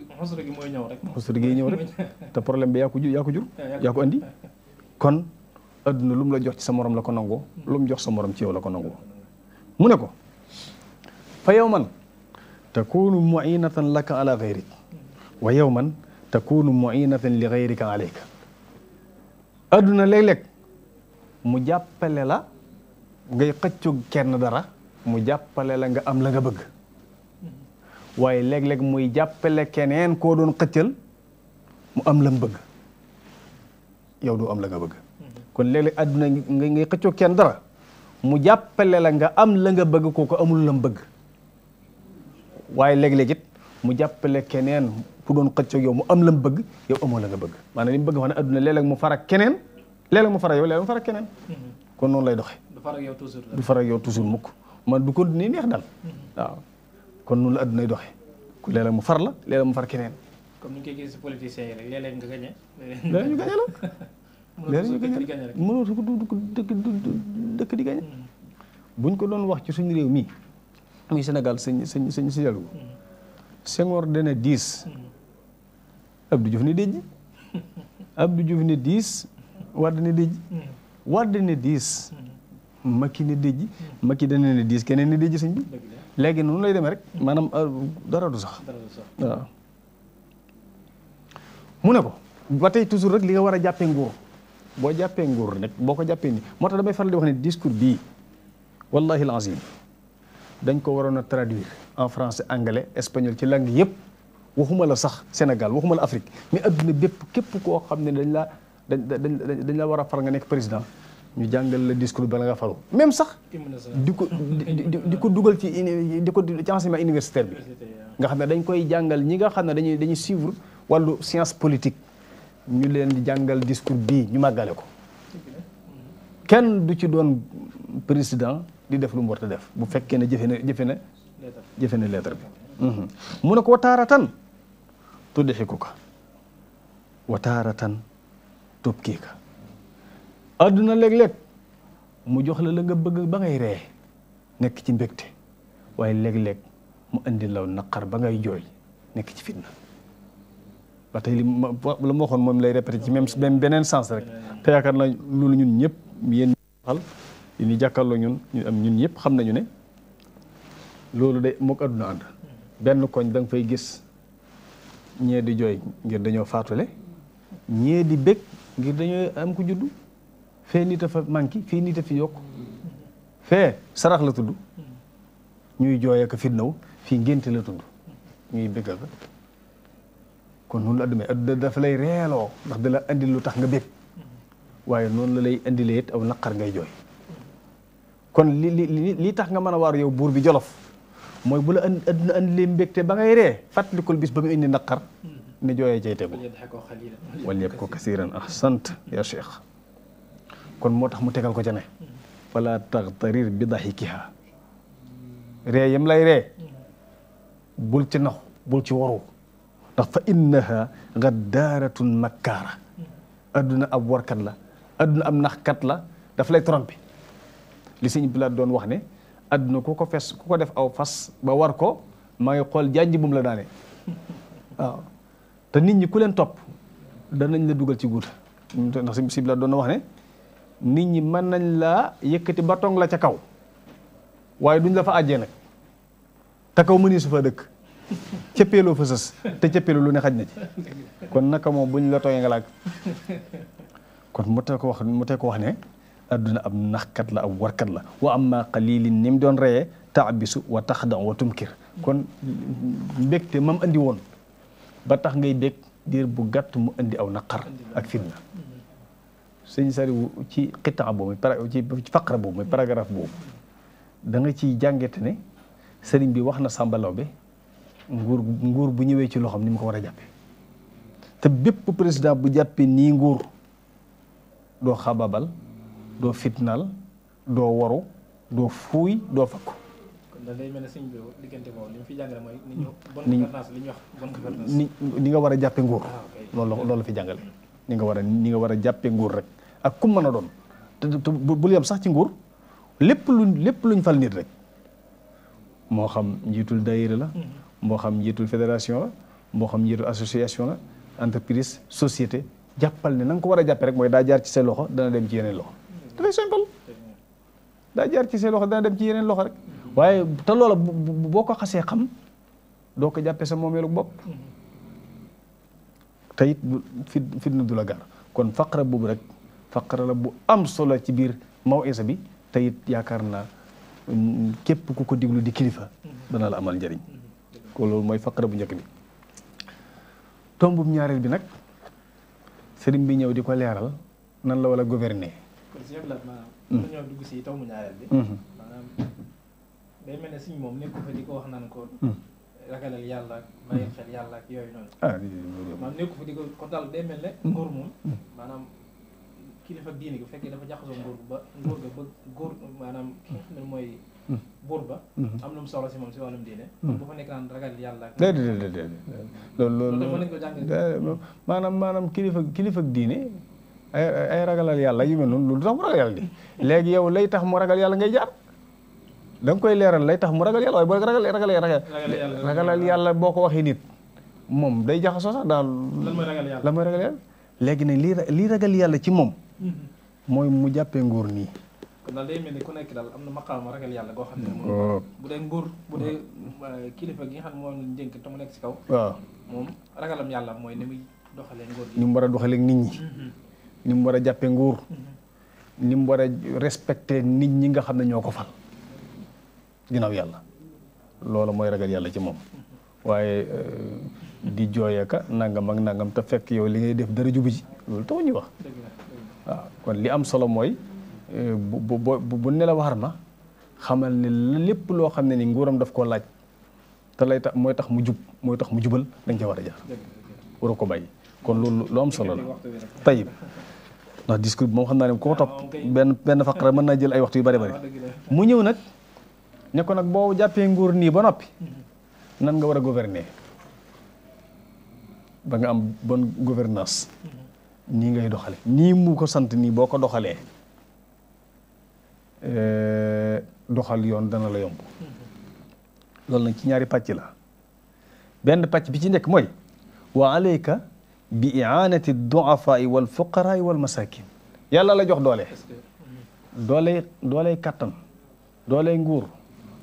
xusra gi rek *laughs* te problème bi yaa ko jur eh, yaa ko andi kon adduna lu mu la jox ci sa morom la ko nangoo. Mm-hmm. lu jox sa morom ci yow la ko nangoo. mu ne ko fa yow man takunu muinatan laka ala gayrik wa yow man takunu muinatan li gayrika alayka adduna léeg-léeg mu jàppale la. ngay xëccu kenn dara mu jàppale la nga am la nga bëgg waaye léeg muy jàppale keneen koo doon xëccal mu am lam bëgg yow du la nga bëgg kon léeg-léeg àdduna ngay xëccoo kenn dara mu jàppale la nga am la nga bëgg ko amul lam bëgg waaye léeg-léeg mu jàppale keneen ku doon xëccoo yow mu am lam bëgg yow amoo la nga bëgg maanaam li mu bëgg wax ne àdduna léeg mu fara keneen léeg mu fara yow léeg mu fara keneen mm-hmm. kon noonu lay doxee du faral yow toujours du faral yow toujours mukk man du ko nii neex daal mm-hmm. waaw kon noonu la addunay doxee ku léeg mu far la léeg mu far keneen. comme ni ñu koy gis si politiciens yi rek léeg-léeg nga gañe. léeg-léeg ñu la léeg su ko dëkk di gañe mm-hmm. buñ ko doon wax ci suñu réew mii muy Sénégal sëñ sëñ sëñ si yàlgu mm-hmm. Senghor dana dix Abdou Diouf ne déjj *laughs* Abdou Diouf ne dix Wade ne déjj Wade Macky ne déjji Macky dana ne diis keneen ne déjji sëñ bi léegi noonu lay demee rek maanaam euh, dara du sax waaw mu ne ko ba tey toujours rek li nga war a jàppee nguur boo jàppee nguur nag boo ko jàppee ni moo tax damay faral di wax ne discours bii wallahi alazim dañ ko waroon a traduire en français anglais espagnol ci langue yëpp waxuma la sax Sénégal waxuma la Afrique mais adduna bépp képp koo xam ne dañ laa dañ dañ dañ la war a far nga nekk président ñu jàngal la discours bala nga faru même sax di ko di ko dugal ci di ko ci enseignement universitaire bi nga xam ne dañ koy jàngal ñi nga xam ne dañuy dañuy suivre wàllu science politique ñu leen di jàngal discours bii ñu màggale ko kenn du ci doon président di def lu mu war a def bu fekkee ne jëfe na jëfe na jëfe na lettre bi mhm. mu ne ko wataaratan tuddixiku ka wataaratan tubkii ka àdduna léeg-léeg mu jox la la nga bëgg ba ngay ree nekk ci mbégte waaye léeg-léeg mu indi law naqar ba ngay jooy nekk ci fitna ba tey li ma la ma waxoon moom lay répété ci même même beneen sens rek te yaakaar naa loolu ñun ñëpp yéen xal yi ñu ñun ñu am ñun ñëpp xam nañu ne loolu de mook àdduna ànd benn koñ da fay gis ñee di jooy ngir dañoo faatule ñee di bég ngir dañoo am ku juddu fee nit a fa manqué fii nit a fi yokk fee sarax la tudd ñuy jooy ko fitnaw fii ngénte la tudd ñuy béggal ka kon noonu la addumee adduna dafa lay reeloo ndax dala la indi lu tax nga bég waaye noonu la lay indilee aw naqar ngay jooy kon li li li tax nga mën a waar yow buur bi jolof mooy bu la adduna indilee mbégte ba ngay ree fàttalikul bis ba mu indi naqar ne jooyee cay tegu wal yëpp ko kasiran ahsant ya cheikh kon moo tax mu tegal ko ca ne fala taxtarir bi daxikiha ree yam lay ree bul ci nax bul ci waru ndax fa innaha gaddaaratun makkaara adduna ab warkat la adduna am naxkat la daf lay trompé li sëñ bi la doon wax ne adduna ku ko fes ku ko def aw fas ba war ko maa ngi xool janj bu la daane waaw te nit ñi ku leen topp danañ la dugal ci guut ndax sëñ bi la doon wax ne nit ñi mën nañ laa yëkkati ba tong la ca kaw waaye duñ la fa àjjee nag te kaw mëni su fa dëkk cëppeeloo fa sës te cëppeeloo lu ne xaj na ci kon naka moom buñ la tooyee nga laag kon mu tee ko wax mu ne adduna ab naxkat la ab warkat la wa am qalilin ni nim doon reyee taabisu wa taxdan wa tumkir kon mbégte mam andi woon ba tax ngay bég diir bu gàtt mu andi aw naqar ak fitna sëñ Saliou ci xitaa boobu ci faqra boobu mooy paragraphe boobu da nga ciy jàngete ne sëriñ bi wax na Samba Laobé nguur nguur bu ñëwee ci loxoom ni mu ko war a jàppe te bépp président bu jàppee nii nguur doo xababal doo fitnaal doo waru doo fuuy doo fakku. kon da day mel ne sëñ bi diggante boobu li mu fi mooy. ñu mm. bonne gouvernance wax bonne gouvernance. nga war a jàppee nguur. Ah, loolu la loolu la fi jàngale. ni nga war a ni nga war a jàppee nguur rek. ak kum mën a doon te bul yem sax ci nguur lépp luñ lépp luñ fal nit rek moo xam njiitul daayira la mm-hmm. moo xam njiitul fédération la moo xam njiitul association la entreprise société jàppal ne na ko war a jàppe rek mooy daa jaar ci say loxo dana dem ci yeneen loxo dafay mm-hmm. simple mm-hmm. ci say loxo dana dem ci loxo rek waaye te loola boo ko xasee xam doo ko jàppe sa moomeelu bopp te it fit fitna du gar kon faqra boobu rek faqara la bu am solo ci biir mawisa bi te yaakaar na mm, képp ku ko diglu di kilifa dana la amal njëriñ ko loolu mooy faqara bu njëkk bi tombub ñaareel bi nag sëriñ bi ñëw di ko leeral nan la wala gouverner mm. ñoo dugg si mm-hmm. moom nekk fa di ko wax naan ko mm. ragalal yàlla ak bàyyi ah, fa di ko ko dal day ne nguur moom kilifa diine gi bu fekkee dafa jaxasoo nguur ba nguur ga ba maanaam ba am lu mu soxla si si wàllum diine hmm. bu fa nekk yàlla ak déedéet déedéet loolu loolu mën maanaam maanaam kilifa kilifa diine ay ay ragalal yàlla yu mel noonu loolu tax mu ragal yàlla léegi yow lay tax mu ragal yàlla ngay jaar da nga lay tax mu ragal yàlla waaye boo ragal ragal ragalal yàlla boo ko waxee nit moom day jaxasoo sax daal lan mooy ragal yàlla léegi nag lii ragal yàlla ci moom mooy mu jàppee nguur nii. kon daal day mel ni ku nekk daal am na maqaama ragal yàlla goo xam ne oh. bu dee nguur bu dee euh, kilifa gi xam ne moom lañ te mu nekk ci kaw. waaw moom ragalam yàlla mooy ni muy doxalee nguur ni mu war a doxalee nit ñi. Mm-hmm. ni mu war a jàppee nguur. Mm-hmm. ni mu war a respecté nit ñi nga xam ne ñoo ko fal. ginnaaw yàlla loolu mooy ragal yàlla ci moom. Mm-hmm. waaye euh, di jooyee nangam ak nangam te fekk yow li ngay def dara jubu ji loolu taxu ñuy wax. waaw kon li am solo mooy euh, bu bu bu ne la war na xamal ne lépp loo xam ne ni nguuram daf koo laaj te lay tax mooy tax mu jub mooy tax mu jubal dañ ca war a jaar waroo ko bàyyi kon loolu lu am solo la tayib ndax discours bi moom xam naa ne koo topp benn benn faqra mën naa jël ay waxtu yu bari bari mu ñëw nag ne ko nag boo jàppee nguur nii ba noppi nan nga war a gouverner ba nga am bon gouvernance nii ngay doxale nii mu ko sant nii boo ko doxalee eh, doxal yoon dana la yomb loolu na ci ñaari pàcc la benn pàcc bi ci nekk mooy wa alayka bi i'anati du'afaa'i wal fuqaraa'i wal masaakin yàlla la jox doole dooley dooley kattan dooley nguur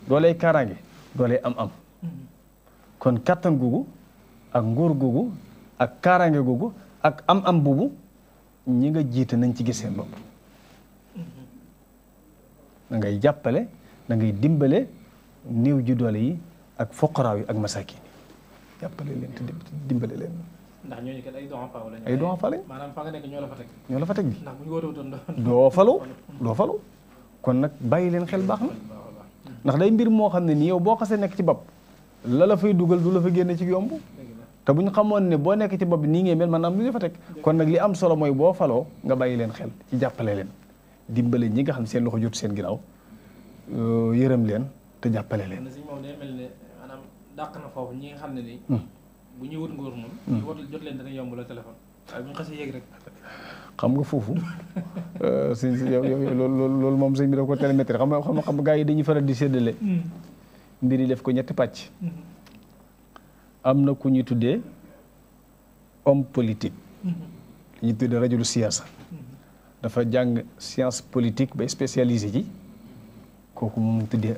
dooley kaaraange dooley am-am mm-hmm. kon kattan googu ak nguur googu ak kaaraange googu ak am-am boobu ñi nga jiite nañ ci gis seen bopp. da ngay jàppale da dimbale néew ji doole yi ak foqaraaw yi ak masaakin yi jàppale leen te dimbale leen. ndax ñooñu ay doon faaw lañ. ay doon faaw fa nga ñoo la fa teg. ñoo la fa teg bu ñu wootewutoon doo falu *laughs* doo falu kon nag bàyyi leen xel baax na ndax day mbir moo xam ne nii yow boo xasee nekk ci bopp la la fay dugal du la fa génne ci yomb. te bu ñu xamoon ne boo nekk ci bopp nii ngay mel maanaam lu kon nag li am solo mooy boo faloo nga bàyyi leen xel ci jàppale leen dimbale ñi nga xam seen loxo jotu seen ginnaaw euh, yërëm leen te jàppale leen. maanaam dàq na foofu ñi nga xam ne ni. Hmm. bu ñuy wut nguur moom. Hmm. ñu war jot leen dana xam nga foofu euh, si yow yow loolu loolu moom sëñ bi daf ko télémétrie xam nga xam nga gars yi dañuy faral di séddale. Hmm. mbir def ko ñetti pàcc. am na ku ñu tuddee homme politique mm-hmm. ñu tuddee rajulu siyaasa mm-hmm. dafa jàng science politique ba spécialisé ji kooku moom tuddee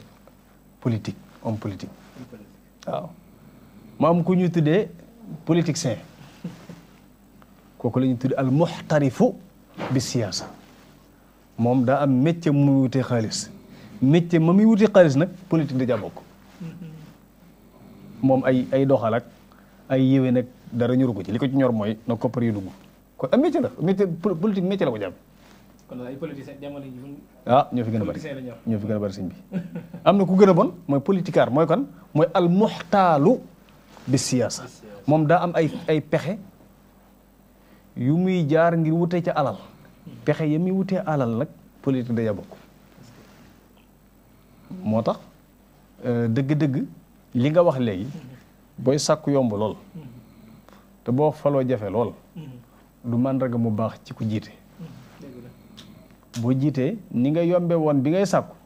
politique homme politique waaw maam ñu tuddee politicien kooku la ñu tuddee al muxtarifu bi siyaasa moom daa am métier mu wutee xaalis métier ma muy wutee xaalis nag politique da jaa bokk mm-hmm. moom ay ay doxal ay yéwén ak dara ñoru ko ci li ko ci ñor mooy na koppar yu dugg kon am métier la métier politique métier la ko jàpp. kon ay politiciens jamono yi ah ñoo fi gën a bari ñoo a bari sëñ bi am na ku gën a bon mooy politikaar mooy kan mooy al muxtaalu bi siyaasa moom daa am ay ay pexe yu muy jaar ngir wutee ca alal pexe ya muy wutee alal nag politique a bokk moo tax euh, dëgg-dëgg li nga wax léegi booy sakk yomb lool te boo faloo jafe lool du màndarga mu baax ci ku jiite boo jiitee ni nga yombe woon bi ngay sàkku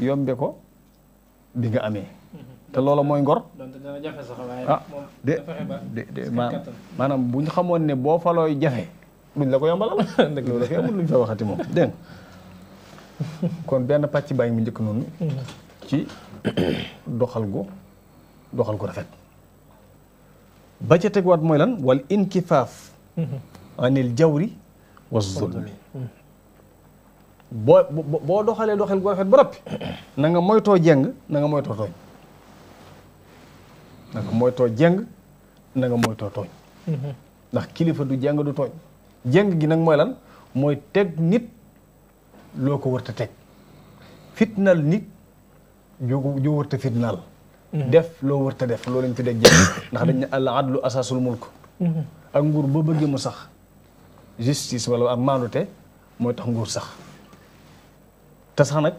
yombe ko bi nga amee te loola mooy ngor ah de de de maanaam bu xamoon ne boo falooy jafe duñ la ko yombalal loolu fi amul luñ fa waxati moom dégg kon benn pàcc bàyyi mu njëkk noonu mm-hmm. ci doxal gu doxal ko rafet ba ca teguwaat mooy lan wal inkifaaf anil jawri wa zulmi boo boo doxalee doxal ko rafet ba noppi na nga moytoo jeng na nga moytoo tooñ ndax kilifa du jeng du tooñ jeng gi nag mooy lan mooy teg nit loo ko wërta teg fitnal nit ju ju wërta fitnaal Mm-hmm. def loo wërta def loolu lañ tuddee jël *coughs* ndax dañ ne al adlu asaasul mulk mm-hmm. ak nguur boo bëggee mu sax justice wala ak maandute mooy tax nguur sax te sax nag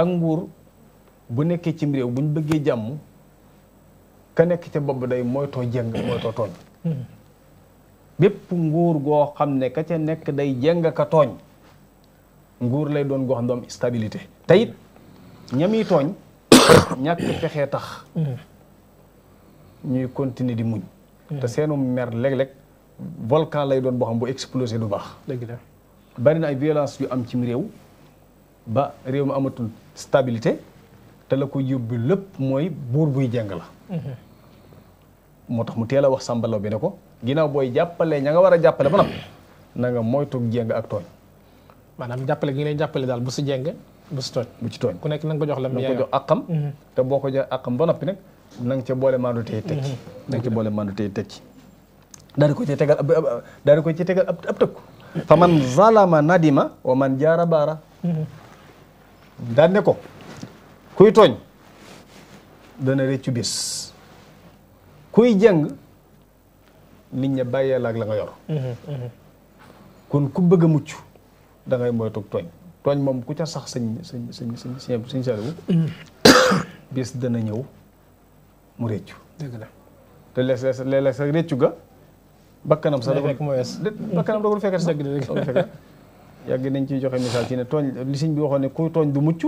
ak nguur bu nekkee cim réew buñ bëggee jàmm ka nekk ca bopp day moytoo jëng *coughs* moytoo tooñ mm-hmm. bépp nguur goo xam ne ka ca nekk day jëng ka tooñ nguur lay doon goo xam stabilité te it ñami tooñ ñàkk pexe tax ñuy continuer di muñ te seenu mer léeg-léeg volcan lay doon boo xam bu explosé du baax dëgg la bari na ay violence yu am cim réew ba réew mi amatul stabilité te la ko yóbbu lépp mooy buur buy jeng la moo tax mu teel a wax sàmbalaw bi ne ko ginnaaw booy jàppale ña nga war a jàppale ba nag na nga moytu jeng ak tool maanaam jàppale gi ngay jàppale daal bu si jeng bu ci tooñ bu ci tooñ ku nekk na nga ko jox la nga ko jox àqam mhm. te boo ko jox àqam ba noppi nag na nga ca boole maandu tey teg mhm. boole maandu tey teg ci daal ko ci tegal daal di ko ci tegal ab tëkku fa man zalama nadima wa man jaara baara mhm. daal ne ko kuy tooñ dana rëccu bis kuy jëng nit ña bàyyee la ak la nga yor kon ku bëgg mucc da ngay moytu tooñ tooñ moom ku ca sax sëñ sëñ sëñ sëñ sëñ sëñ Saliou bis *coughs* dana ñëw mu réccu dëgg la te léeg-léeg léeg-léeg sax réccu ga bakkanam fekk sax dagul nañ ci ne tooñ li sëñ bi waxoon ne kuy tooñ du mucc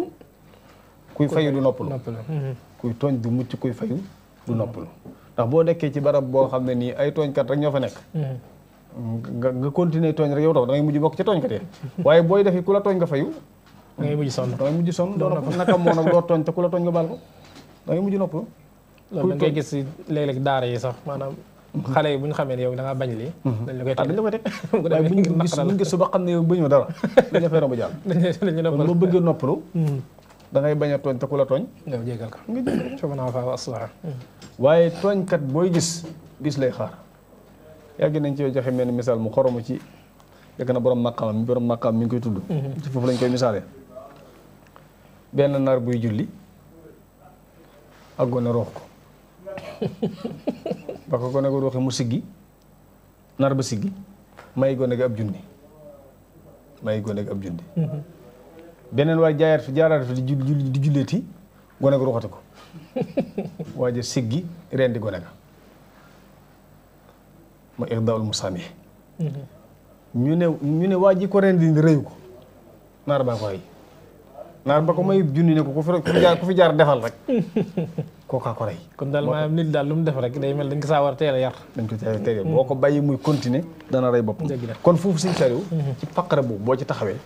kuy fayu du noppalu mhm. kuy tooñ du mucc kuy fayu du noppalu ndax boo nekkee ci barab boo xam ne nii ay tooñkat rek ñoo fa nekk mhm. nga nga continuer tooñ rek yow tax da ngay mujj bokk ci tooñ kat waaye booy defi ku da ngay mujj sonn da ku la tooñ nga baal ko da ngay mujj nopp loolu da bu ñu xamee ne da bañ lii mhm. dañ la *laughs* bu ñu ba xam ne yow bañoo dara dañ la fay romb jàll dañ la boo bëggee noppalu mhm. da ngay bañ a tooñ te ku la tooñ nga jégal mhm. ko booy gis gis lay xaar yàgg nañ ci joxe mel misaal mu xoromu ci yàgg na borom maqaam mi borom maqaam mi ngi koy tudd. Mhm. ci foofu lañ koy misaale. benn naar buy julli ak gone roox ko *laughs* ba ko gone ko rooxee mu siggi naar ba siggi may gone gi ab junni may gone gi ab junni. Mhm. beneen waaye jaayaat fi jaaraat fi di julleeti gone ko rooxati ko waaye siggi rendi gone ga ma irdaawul musaami mm-hmm. ñu ne ñu ne waa ji ko ren di rëyu ko naar baa ko ay naar ba ko may junni ne ko ku fi jaar ku fi jaar defal rek *laughs* kookaa ko rey kon daal maanaam lu mu def rek day mel dañ ko saa a teel a yar dañ ko teel a teel boo ko bàyyi muy continuer dana rey bopp kon foofu suñ sariw mm-hmm. ci paqara boobu boo ci taxawee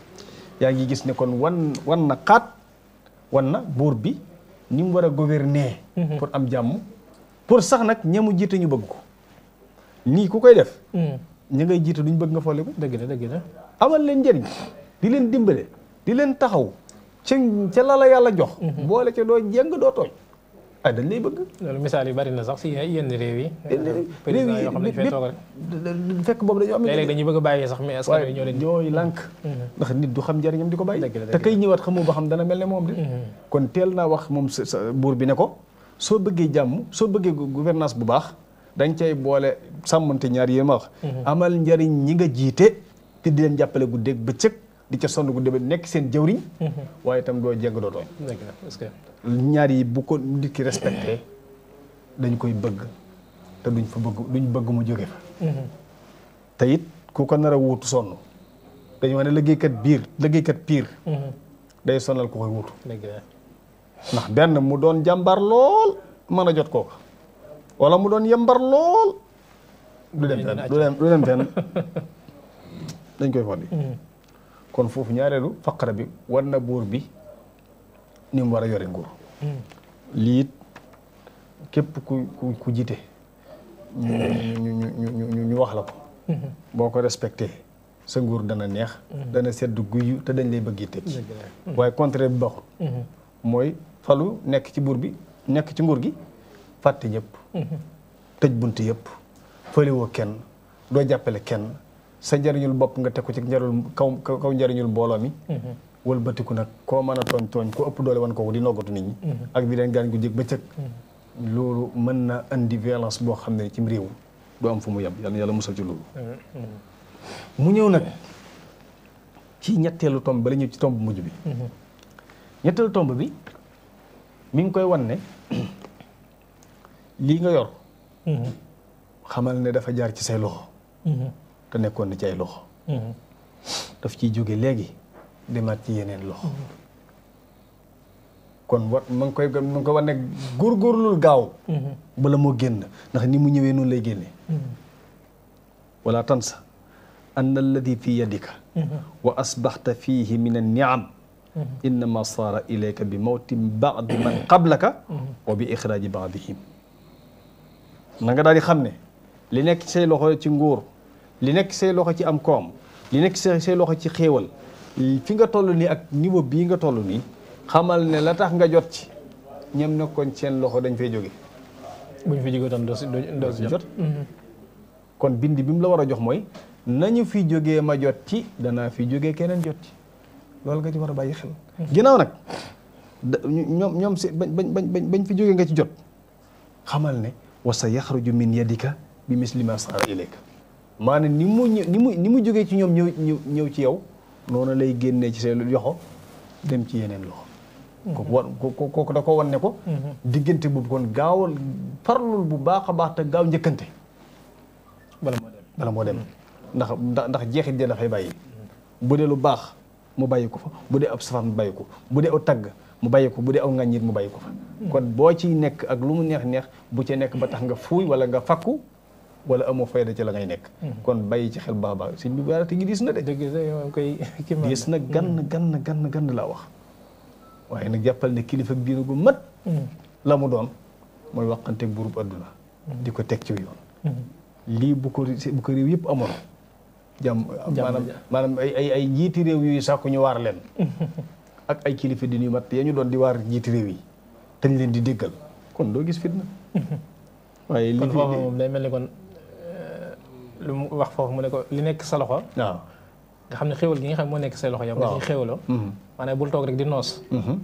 yaa ngi gis ne kon wan wan na xaat wan na buur bi ni mu war a gouverner mm-hmm. pour am jàmm pour sax nag ñamu jiite ñu bëgg ko lii ku koy def. Hmm. ñu ngay jiite duñ bëgg nga folle ko. dëgg la dëgg la amal leen njëriñ di leen dimbale di leen taxaw ca ca la la yàlla jox. Hmm, hmm. boole ca doo jeng doo tooñ. ah dañ lay bëgg. loolu misaal yi na sax si yenn réew yi. réew yi nit fekk boobu la am. léeg-léeg dañuy bëgg a bàyyi sax mais askan wi ñooy lànk. ndax nit du xam njëriñam di ko bàyyi. te kay ñëwaat xamoo ba xam dana mel ne moom de. kon teel naa wax moom sa buur bi ne ko soo bëggee jàmm soo bëggee gouvernance bu baax dañ cay boole sàmmante ñaar yéen ma wax mhm. amal njariñ ñi nga jiite te di leen jàppale guddeeg bëccëg di ca sonn guddi ba nekk seen jëwriñ mhm. waaye itam doo jeng doo tooñ ñaar yi bu ko nit ki respecté dañ koy bëgg te duñ fa bëgg mu jóge fa mhm. te it ku ko nar a wuutu sonn dañ wax ne liggéeykat biir liggéeykat piir day sonal ku koy wuutu ndax benn mu doon jàmbaar lool mën a jot kooka wala mu doon yembar lool du dem fenn du dañ koy foddi mm-hmm. kon foofu ñaareelu faqara bi war na buur bi ni war a yore nguur mm-hmm. liit képp ku ku ku jiite ñu ñu ñu wax la ko mm-hmm. boo ko respecté sa nguur dana neex dana sedd guyu te dañ lay bëgg teg waaye contraire bi baaxul mooy falu nekk ci buur bi nekk ci nguur gi fàtte ñëpp tëj bunt yëpp fëliwoo kenn doo jàppale kenn sa njariñul bopp nga teg ko ci njariñul kaw kaw njariñul mbooloo mi wëlbatiku nag koo mën a tooñ tooñ ko ëpp doole wan ko di noggatu nit ñi ak di leen gaan gu jég bëccëg loolu mën na indi violence boo xam ne cim réew du fu mu yem yàlla yàlla musal ci mu ñëw nag ci ñetteelu tomb bala ñëw ci tomb mujj bi ñetteelu tomb bi mi ngi koy wan ne lii nga yor. Mm-hmm. xamal ne dafa jaar ci say loxo. Mm-hmm. te nekkoon na ci ay loxo. Mm-hmm. daf ciy jóge léegi demaat ci yeneen loxo. kon war ma ngi koy ko war ne góorgóorlul gaaw bala moo génn ndax ni mu ñëwee noonu lay génnee wala tansa ann alladi fi yadika wa asbaxta fihi min an niam innama saara ilayka bi mawti baadi man qablaka wa bi ixraaji baadihim na nga daal di xam ne li nekk say loxo ci nguur li nekk say loxo ci am koom li nekk say loxo ci xéewal fi nga toll nii ak niveau bii nga toll nii xamal ne la tax nga jot ci ñem nekkoon seen loxo dañ fay jóge bu ñu fi jógee tam doo mm-hmm. kon bind bi la war a jox mooy nañu fi jógee ma jot ci danaa fi jógee keneen jot ci loolu nga ci war a bàyyi xel mm-hmm. ginnaaw nag ñoom ñoom si bañ bañ bañ fi jógee nga ci jot xamal ne wa sa yaxruju min yadika bi misli ma sara ilayka maanaam ni mu ni mu ni mu jógee ci ñoom ñëw ñëw ci yaw noonu lay génnee ci seen yoxo dem ci yeneen loxo mm-hmm. kooku war kooku da ko wan ko mm-hmm. diggante boobu kon gaawal farlul bu baax a baax te gaaw njëkkante bala moo dem bala moo dem mm-hmm. ndax ndax ndax jeexit ja dafay bàyyi bu de lu baax mu bàyyi ko fa bu dee ab safaan mu bàyyi ko bu de aw tagg mu bàyyi ko bu dee aw ngàññit mu bàyyi ko fa kon boo ciy nekk ak lu mu neex neex bu ca nekk ba tax nga fuuy wala nga fakku wala amoo da ci la ngay nekk hmm. kon bàyyi ci xel baax baax sëñ bi baara te ngi na de koy *laughs* diis na gann hmm. gann gann gann laa wax waaye nag jàppal ne kilifa diina gu mat hmm. la mu doon mooy waxante buurub adduna di ko teg ci yoon lii bu ko bu réew yëpp amoon maanaam maanaam ay ay njiiti réew yooyu sàkku ñu waar leen *laughs* ak ay kilifa di ñu mat ya ñu doon di waar jiiti réew yi dañ leen di déggal kon doo gis fitna. *laughs* waaye li mel ni kon euh, lu mu wax foofu mu ne ko li nekk sa loxo. waaw nga xam ne xéwal gi nga xam ne moo nekk say loxo yow. waaw nga ciy xéwaloo. Mm-hmm. rek di noos. Mm-hmm.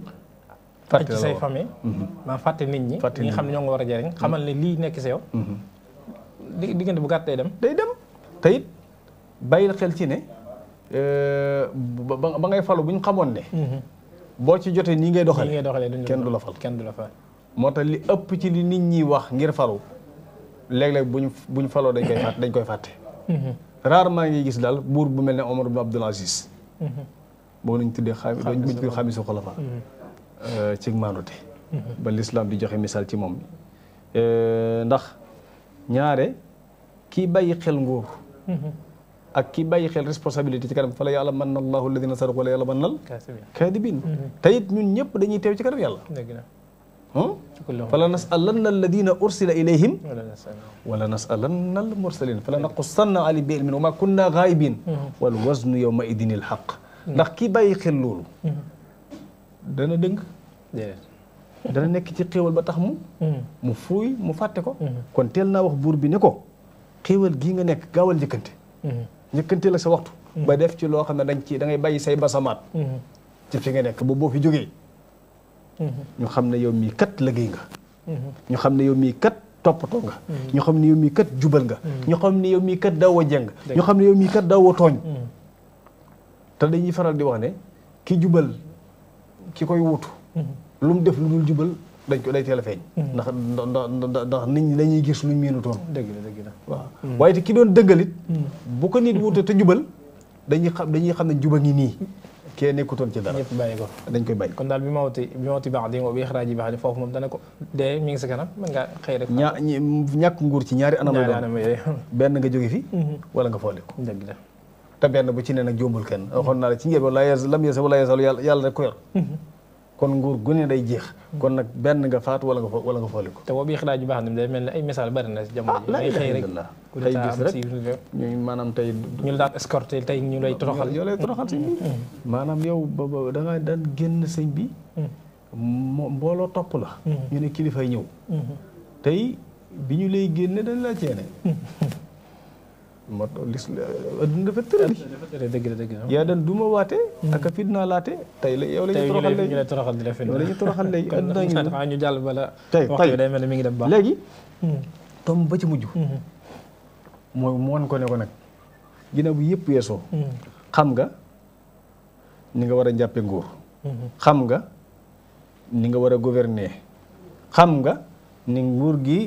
fàtte ci say famille. Mm-hmm. maa nit ñi. fàtte ñi xam ne ñoo nga war a jëriñ. ne lii nekk sa yow. di diggante bu gàtt day dem. day dem te bàyyil xel ci ne euh, ba ngay falu bu ñu xamoon ne. boo ci jotee nii ngay doxalee nii ngay doxalee kenn du la fal kenn du la fal. moo tax li ëpp ci li nit ñi wax ngir falu léeg-léeg buñ buñ faloo dañ koy fàtte dañ koy fàtte. Mm-hmm. rarement ngay gis daal buur bu mel ne Omar bin Abdul Aziz. Mm-hmm. boo nañ tuddee xam dañ buñ tuddee xamisu xulafa mm-hmm. euh, ci maanute ba lislaam di joxe misaal ci moom euh, ndax ñaare kii bàyyi xel nguur. ak ki bàyyi xel responsabilité ci kanam fa la yàlla mën na allahu alladina sadaqu wala yàlla mën nal kaadibin mm-hmm. te it ñun ñëpp dañuy teew ci kanam yàlla fala hmm? nasalanna alladina ursila ilayhim wala nasalanna almursalin fala naqussanna ali bi ilmin wa ma kunna gaibin mm-hmm. wal waznu yawma idin il xaq mm-hmm. ndax ki bàyyi xel loolu dana dëng dana nekk ci xéewal ba tax mu mu fuuy mu fàtte ko kon teel naa wax buur bi ne ko xéewal gii nga nekk gaawal njëkkante njëkkanteel la sa waxtu. Mm-hmm. ba def ci loo xam ne dañ da ngay bàyyi say basamaat. Mm-hmm. ci fi nga nekk ba boo fi jógee. Mm-hmm. ñu xam ne yow mii kat liggéey nga. ñu xam ne yow mii kat toppatoo nga. ñu xam ne yow mii kat jubal nga. ñu xam ne yow mii kat daawoo jëng. ñu xam ne yow mii kat daawoo tooñ. te dañuy faral di wax ne ki jubal ki koy wutu. lu mu def lu dul jubal dañ ko day teel a feeñ. Hmm. ndax ndax nit ñi dañuy gis luñ miinutoon. dëgg la dëgg la waaw. Hmm. waaye te ki doon dëggalit hmm. bu ko nit wuute te jubal dañuy xam dañuy xam ne juba ngi nii. kee nekkutoon ci dara ñëpp bàyyi ko dañ koy bàyyi kon daal bi mawti bi mawti baax di nga bi xaraaji baax di foofu moom dana ko dee mi ngi sa kanam mën ngaa xëy rek ñaa ñàkk nguur ci ñaari anam la doon *laughs* benn nga jóge fi wala nga foole ko dëgg la te benn bu ci ne nag jóombul kenn waxoon naa la ci njël wala lam yesa wala yesalu yàlla yàlla rek ko yor kon nguur gu ne day jeex. kon nag benn nga faatu wala nga fo wala nga fooli ko. te boobu xidaaj bi baax na day mel ne ay misaal bari na si jamono ji. Ah, ay xëy rek tey gis rek ñuy maanaam tey. ñu la daan escorté tey ñu lay toroxal yoo lay toroxal sëñ bi. Hmm. maanaam yow ba da nga daan génn sëñ bi. Hmm. mbooloo topp la. Hmm. ñu ne kilifa ñëw. tey bi ñu lay génne dañ laa ceene *laughs* moo tax adduna dafa tëral. dëgg la dëgg la yaa daan du ma waate. Hmm. ak a fitna laate. tey la yow la ñu toroxal léegi ñu lay toroxal di la fitna yow la ñu toroxal léegi *laughs* adduna ñu *laughs* la *laughs* ñu jàll bala. tey tey waxtu bi day mel ni mi ngi dem baax. léegi. Hmm. tomb ba ci mujj. Hmm. mooy mu wan ko ne ko nag. ginnaaw bi yëpp yeesoo. xam nga ni nga war a jàppe nguur. xam nga ni nga war a gouverner. xam nga ni nguur gi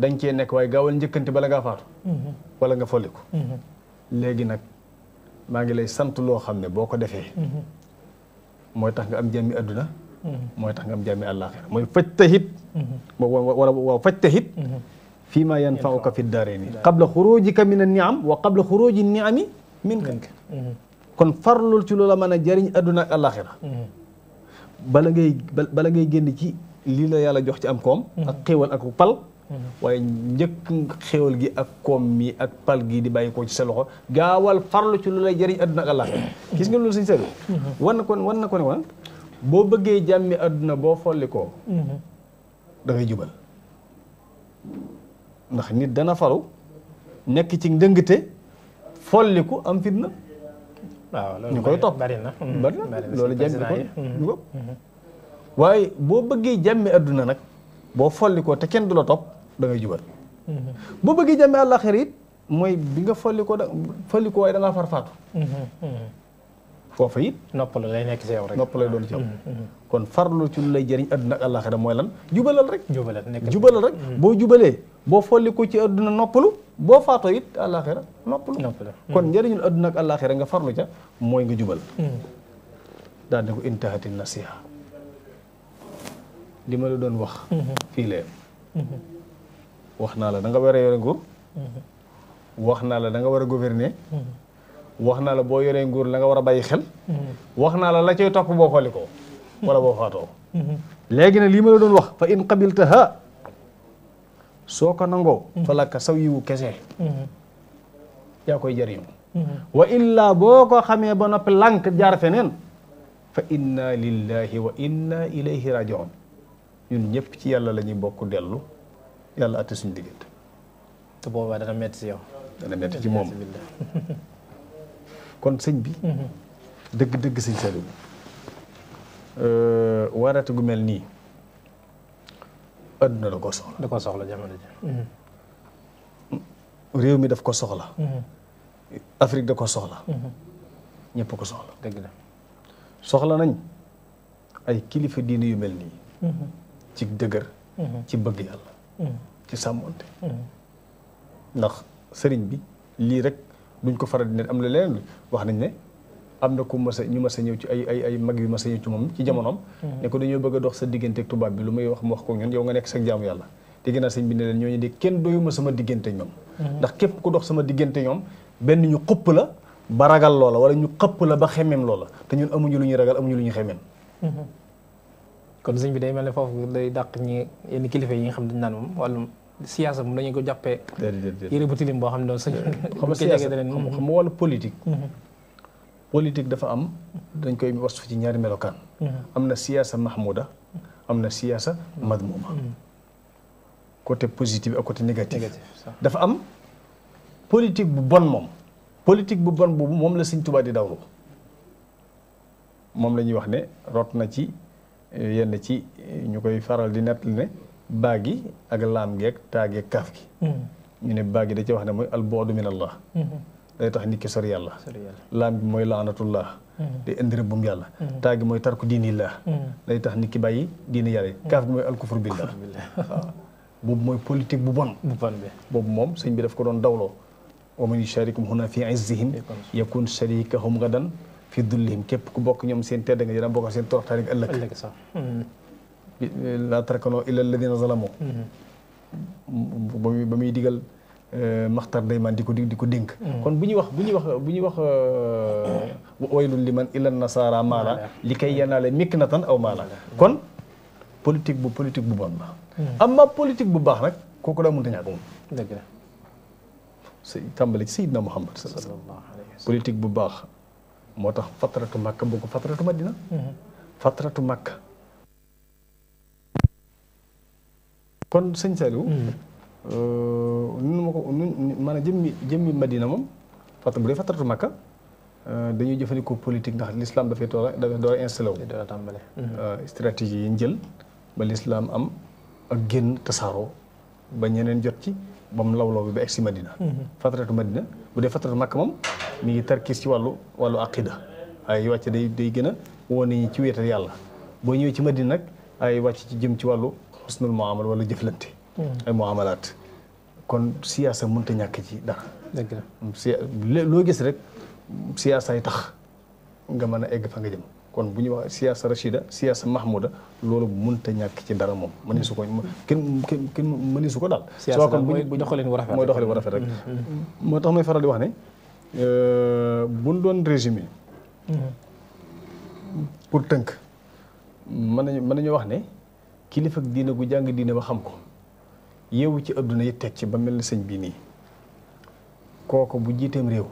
dañ cee nekk waaye gaawal njëkkanti bala ngaa faatu. wala nga folliku mm-hmm. léegi nag maa ngi lay sant loo xam ne boo ko defee mm-hmm. mooy tax nga am jàmmi àdduna mm-hmm. mooy tax nga am jàmmi àllaaxira mooy faj tahit wala waaw faj tahit fii ma yanfauka fi daarayni qabla xurujika min an-niam wa qabla xuruji niami minka kon farlul ci loola mën a jariñ àdduna ak àllaaxira bala ngay bala ngay génn ci lii la yàlla jox ci am koom ak xéewal ak pal waaye njëkk xéwal gi ak koom mi ak pal gi di bàyyi ko ci sa loxo gaawal farlu ci lu lay jëriñ adduna ak allah gis nga loolu suñu seetlu mm-hmm. wan na wan na ko ne wan boo bëggee jàmmi adduna boo folli koo mm-hmm. da ngay jubal ndax nit boo bëggee jàmmi adduna nag boo follikoo te kenn du la topp da ngay jubal mhm. boo bëggee jàmmi àllaaxira it mooy bi nga folli ko da folli ko waaye da ngaa farfaatu mhm, mhm. foofa it noppal lay nekk ci yow rek noppal lay doon ci kon farlu ci lu lay jëriñ adduna ak àllaaxira mooy lan jubalal rek jubalal rek boo jubalee boo folli ko ci adduna noppalu boo faatoo it àllaaxira noppalu kon njëriñul adduna ak àllaaxira nga farlu ca mooy nga jubal daal ne intahati nasiha li ma la doon wax fii la wax naa la da nga war a yore nguur mm-hmm. wax naa la danga war a gouverner mm-hmm. wax naa la boo yoree nguur la nga war a bàyyi xel mm-hmm. wax naa la la cay topp boo xolli ko wala boo faatoo léegi nag lii ma la doon wax fa in qabiltaha soo ko nangoo falaka saw yiwu kese yaa koy jëriñu wa illaa boo ko xamee ba noppi lànk jaar feneen fa inna lillahi wa inna ilayhi rajiun ñun ñëpp ci yàlla la bokk dellu yàlla àtte suñu diggante. te boobaa dana métti si yow. dana métti ci moom *laughs* kon sëñ bi. Mm-hmm. dëgg dëgg sëñ Saliou. Euh, waaraate gu mel nii. adduna da ko soxla. da ko soxla jamono mm-hmm. réew mi daf ko soxla. Mm-hmm. soxla. nañ ay kilifa diine yu mel nii. ci dëgër. ci bëgg yàlla. ci sàmmonte mm. ndax sëriñ bi lii rek duñ ko faral di ne am na leneen wax nañ ne am na ko mas a ñu mas a ñëw ci ay ay ay mag yu mas a ñëw ci moom ci mm. jamonoom. Mm. ne ko dañoo bëgg a dox sa diggante ak tubaab bi lu muy wax mu wax ko ñun yow nga nekk sa jaamu yàlla dégg naa sëñ bi ne leen ñooñu de kenn doyuma sama diggante ñoom ndax képp ku dox sama diggante ñoom benn ñu xëpp la ba ragal loola wala ñu xëpp la ba xemem loola te ñun amuñu lu ñu ragal amuñu lu ñuy xemem mm-hmm. kon sëñ bi day mel ne foofu day dàq ñi yenn kilifa yi nga xam dañ naan moom wàllum siyaasa moom dañu ko jàppee yëre bu tilim boo xam ne doon sëñ xam nga wàllu politique mm-hmm. politique am dañ koy wasf ci ñaari mm-hmm. am na siyaasa mahmuda am na siyaasa mm-hmm. madmuma côté positif ak côté négatif dafa am politique bu bon moom politique bu bon boobu moom la sëñ Tuubaa di dawlu moom la ñuy wax ne rot na ci yenn ci ñu koy faral di nettali ne baa gi ak laam geeg taa geeg kaaf gi hmm. ñu ne baa gi da ci wax ne mooy al boodu min allah hmm. day tax nit ki sori yàlla laam gi mooy laanatullah hmm. day indi rëbbum yàlla taa gi mooy tarku diinillah day tax nit ki bàyyi diini yàlla yi kaaf gi mooy alkufur billah *laughs* waaw mooy politique bu bon moom sëñ bi daf ko doon dawloo wa man yusharikum huna fi izzihim yakun sharikahum gadan fii dullihim képp ku bokk ñoom seen tedd nga dina bokk seen toroxtaan ëllëg ëllëg sax laa tarkanoo illa alladina zalamu mm-hmm. ba muy ba muy digal euh, maxtar day man di ko di ko dénk mm-hmm. kon bu ñuy wax bu ñuy wax bu ñuy wax euh, waylun liman illa nasara maala li kay yanaale miknatan aw maala mm-hmm. kon politique bu politique bu bon la amma politique bu baax nag kooku daa mënta ñàkk moom dëgg la tàmbale ci sayidna muhammad politique bu baax moo tax fatratu makka bokk fatratu madina mhm. fatratu makka kon sëñ Saliou mhm. euh, nun ma ko nun maanaam jëmmi jëmmi madina moom fat bu dee fatratu makka euh, dañuy jëfandikoo politique ndax l'islam dafay toora dafay door a installé wu euh, mhm. stratégie yi ñu jël ba l'islam am ak génn tasaaroo ba ñeneen jot ci ba mu law law bi ba egsi Madina. Mhm. fatratu Madina bu dee fatratu Makka moom mi ngi tarkiis ci wàllu wàllu aqida ay wàcc day day gën a woo nañu ci wéetal yàlla boo ñëwee ci Madina nag ay wàcc ci jëm ci wàllu husnul muamala wala jëflante. Mhm. ay muamalaat kon siyaasa mënut a ñàkk ci dara. dëgg la loo gis rek siyaasa yi tax nga mën a egg fa nga jëm. kon bu ñuy wax sa siyaasa rachida siyaasa mahmuda loolu mënta ñàkk ci dara moom mëni su ko kenn kenn kenn mëni su ko daal soo kon mooy doxalin wu rafet mooy doxalin wu rafet rek mm-hmm. Mm-hmm. moo tax may faral di wax ne euh, buñ doon résumé mm-hmm. pour tënk mën nañu mën nañu wax ne kilifa ak diine gu jàng diine ba xam ko yeewu ci adduna yi teg ci ba mel ni sëñ bii nii kooku bu jiiteem réew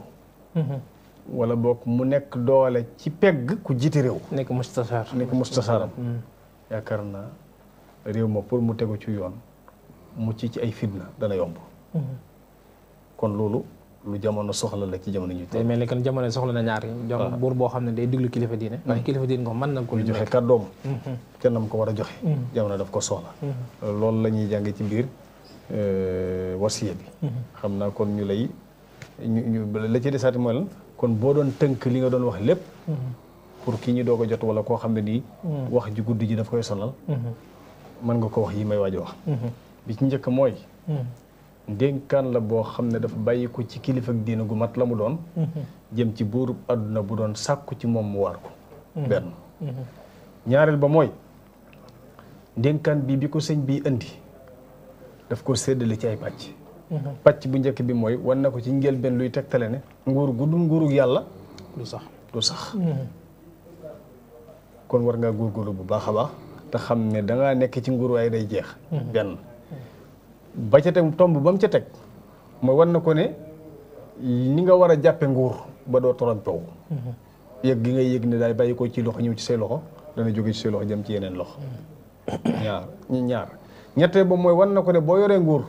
wala bokk mu nekk doole ci pegg ku jiite réew. nekk mustasaar nekk mustasaaram. Mm. yaakaar naa réew ma pour mu tegu ci yoon mu ci ci ay fitna dana yomb. Mm-hmm. kon loolu lu jamono soxla la ci jamono ñu tey. mel ni kon jamono soxla na ñaar yi. Ah. boo xam ne day diglu kilifa diine. Mm-hmm. waaye kilifa diine ko mën na ko. lu joxe kàddoom. Mm-hmm. na nam ko war a joxe. jamono daf ko soxla. loolu lañuy ñuy ci biir euh, wasiya bi. xam naa kon ñu lay ñu ñu la ci desaati mooy lan. kon boo doon tënk li nga doon wax lépp mhm. pour ki ñu doog a jot wala koo xam ne nii mhm. wax ju guddi ji daf koy sonal mhm. mën nga ko wax yi may waaj wax bi ci njëkk mooy ndénkaan la boo xam ne dafa bàyyi ko ci kilifa ak diina gu mat la mu doon jëm ci buurub àdduna bu doon sàkku ci moom mu waar ko benn ñaareel ba mooy ndénkaan bi bi ko sëñ bi indi daf ko séddale ci ay pàcc pàcc bu njëkk bi mooy wan na ko ci njëlbeen luy tegtale ne nguur gu nguurug yàlla du sax du sax kon war ngaa góorgóorlu bu baax a baax te xam ne danga nekk ci nguur waaye day jeex benn ba ca teg tomb ba mu ca teg mooy wan na ko ne ni nga war a jàppe nguur ba doo torompoo yëg gi ngay yëg ne daay bàyyi ko ci loxo ñëw ci say loxo dana jóge ci say loxo jëm ci yeneen lox ñaar ñi ñaar ñettee ba mooy wan na ko ne boo yoree nguur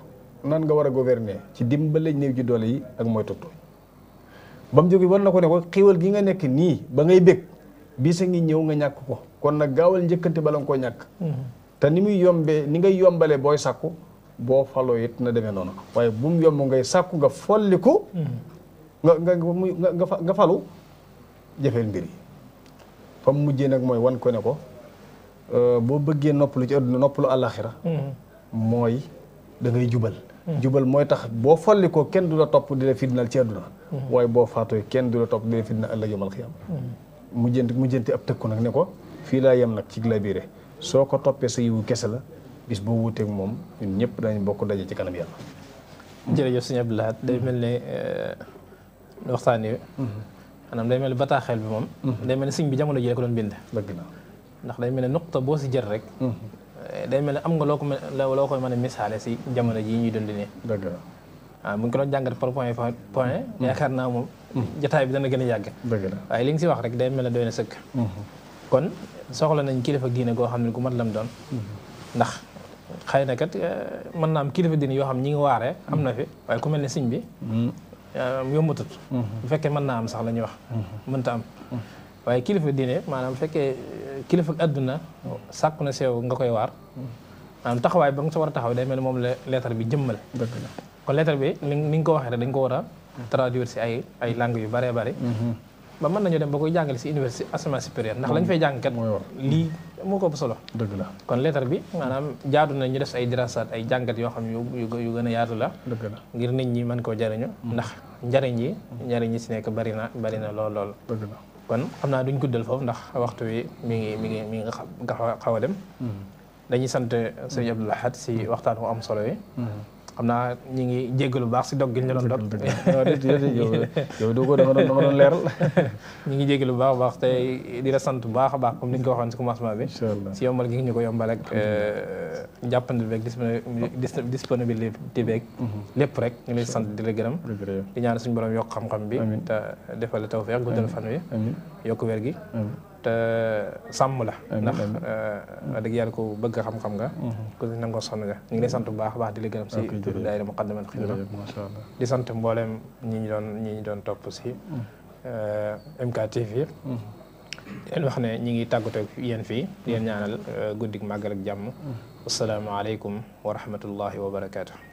nan nga war a gouverner ci dimbale néew ji doole yi ak mooy tuttu ba mu jógee wan na ko ne ko xiiwal gi nga nekk nii ba ngay bég bii sa ngi ñëw nga ñàkk ko kon nag gaawal njëkkante bala nga koo ñàkk mm-hmm. te ni muy yombee ni ngay yombale booy sàkku boo faloo it na demee noonu waaye bu mu yomb ngay sàkku nga folliku mm-hmm. nga nga nga nga falu jafeel mbir yi fa mu mujjee nag mooy wan ko ne ko euh, boo bëggee noppalu ci àdduna noppalu àllaaxira mm-hmm. mooy da jubal jubal mooy tax boo folli ko kenn du la topp di la fitnaal ci àdduna mm-hmm. waaye boo faatoo kenn du la topp di la fitnaal ëllëg yomal xiyam mm-hmm. mu jënti mu jënti ab tëkku nag ne ko fii laa yem nag ci labiré soo ko toppee sa yiwu kese la bis boo wuuteeg moom ñun ñëpp dañ bokk daje ci kanam yàlla jërëjëf sëñ Abdou Lahad day mel ne euh, waxtaan yi mm-hmm. maanaam day mel ne bataaxel bi moom day mel ne sëñ bi jamono ji la ko doon bind ndax day mel ne nuqta boo si jël rek Eh, day mel ne am nga loo ko koy mën a misaale si jamono jii ñuy dund nii. dëgg la waaw ah, jàngat par point mm-hmm. yaakaar naa moom. Mm-hmm. jotaay bi dana gën a yàgg. dëgg waaye li nga si wax rek day mel ne doy na sëkk. Mm-hmm. kon soxla nañ kilifa diine goo xam ne ku mat lam doon. ndax xëy na kat eh, mën naa am kilifa diine yoo xam ñi ngi waaree am na fi waaye ku mel ne sëñ bi. Eh, yombatut. bu fekkee mën naa am sax lañu ñuy wax. mënta am waaye kilifa diine maanaam fekkee. kilifa àdduna sàkku na seew nga koy waar maanaam taxawaay ba nga sa war a taxaw day mel ni moom la lettre bi jëmmal kon lettre bi ni nga ko waxee rek dañ ko war a traduire si ay ay langues yu bëree bëri mhm. ba mën nañoo dem ba koy jàngale si université enseignement supérieur ndax lañ fay jàng kat lii moo ko solo dëgg la kon lettre bi maanaam jaadu na ñu def ay dirasaat ay jàngat yoo xam yu gën a yaatu la dëgg ngir nit ñi mën koo jariñu ndax njariñ yi mhm. njariñ yi si nekk bari na bari na lool lool dëgg kon xam naa duñ guddal foofu ndax waxtu wi mi ngi mi ngi mi ngi xaw a dem mm-hmm. dañuy sant sëñ Abdoul Ahad si waxtaan wu am solo yi xam naa ñu ngi jéggalu bu baax si dog gi ñu doon dog *laughs* yow doo ko da nga doon leeral *laughs* ñu ngi jéggalu lu baax a baax te di la sant bu baax a baax comme ni ñu ko waxoon ne commencement bi si yombal gi ñu ko yombal rek mm-hmm. euh, jàppandi beeg disponibilité beeg mm-hmm. lépp rek ñu lay sant di la gërëm di ñaan suñu borom yokk xam-xam bi te defal la tawfeex guddal fan wi yokk wér gi te sàmm la. ndax a euh, dëgg yàlla ko bëgg xam-xam nga. Mhm. ku ne nangoo sonn nga ñu ngi lay sant bu baax a baax di la gërëm si. tur daayira Muqaddamatul Xidma di sant mboolem ñi ñu doon ñi ñu doon topp si. MKTV. Mhm. Euh, mhm. leen wax ne ñi ngi tàggatoo yéen fii yéen ñaanal euh, guddik màggal ak jàmm asalaamaaleykum wa rahmatullahi wa barakaatu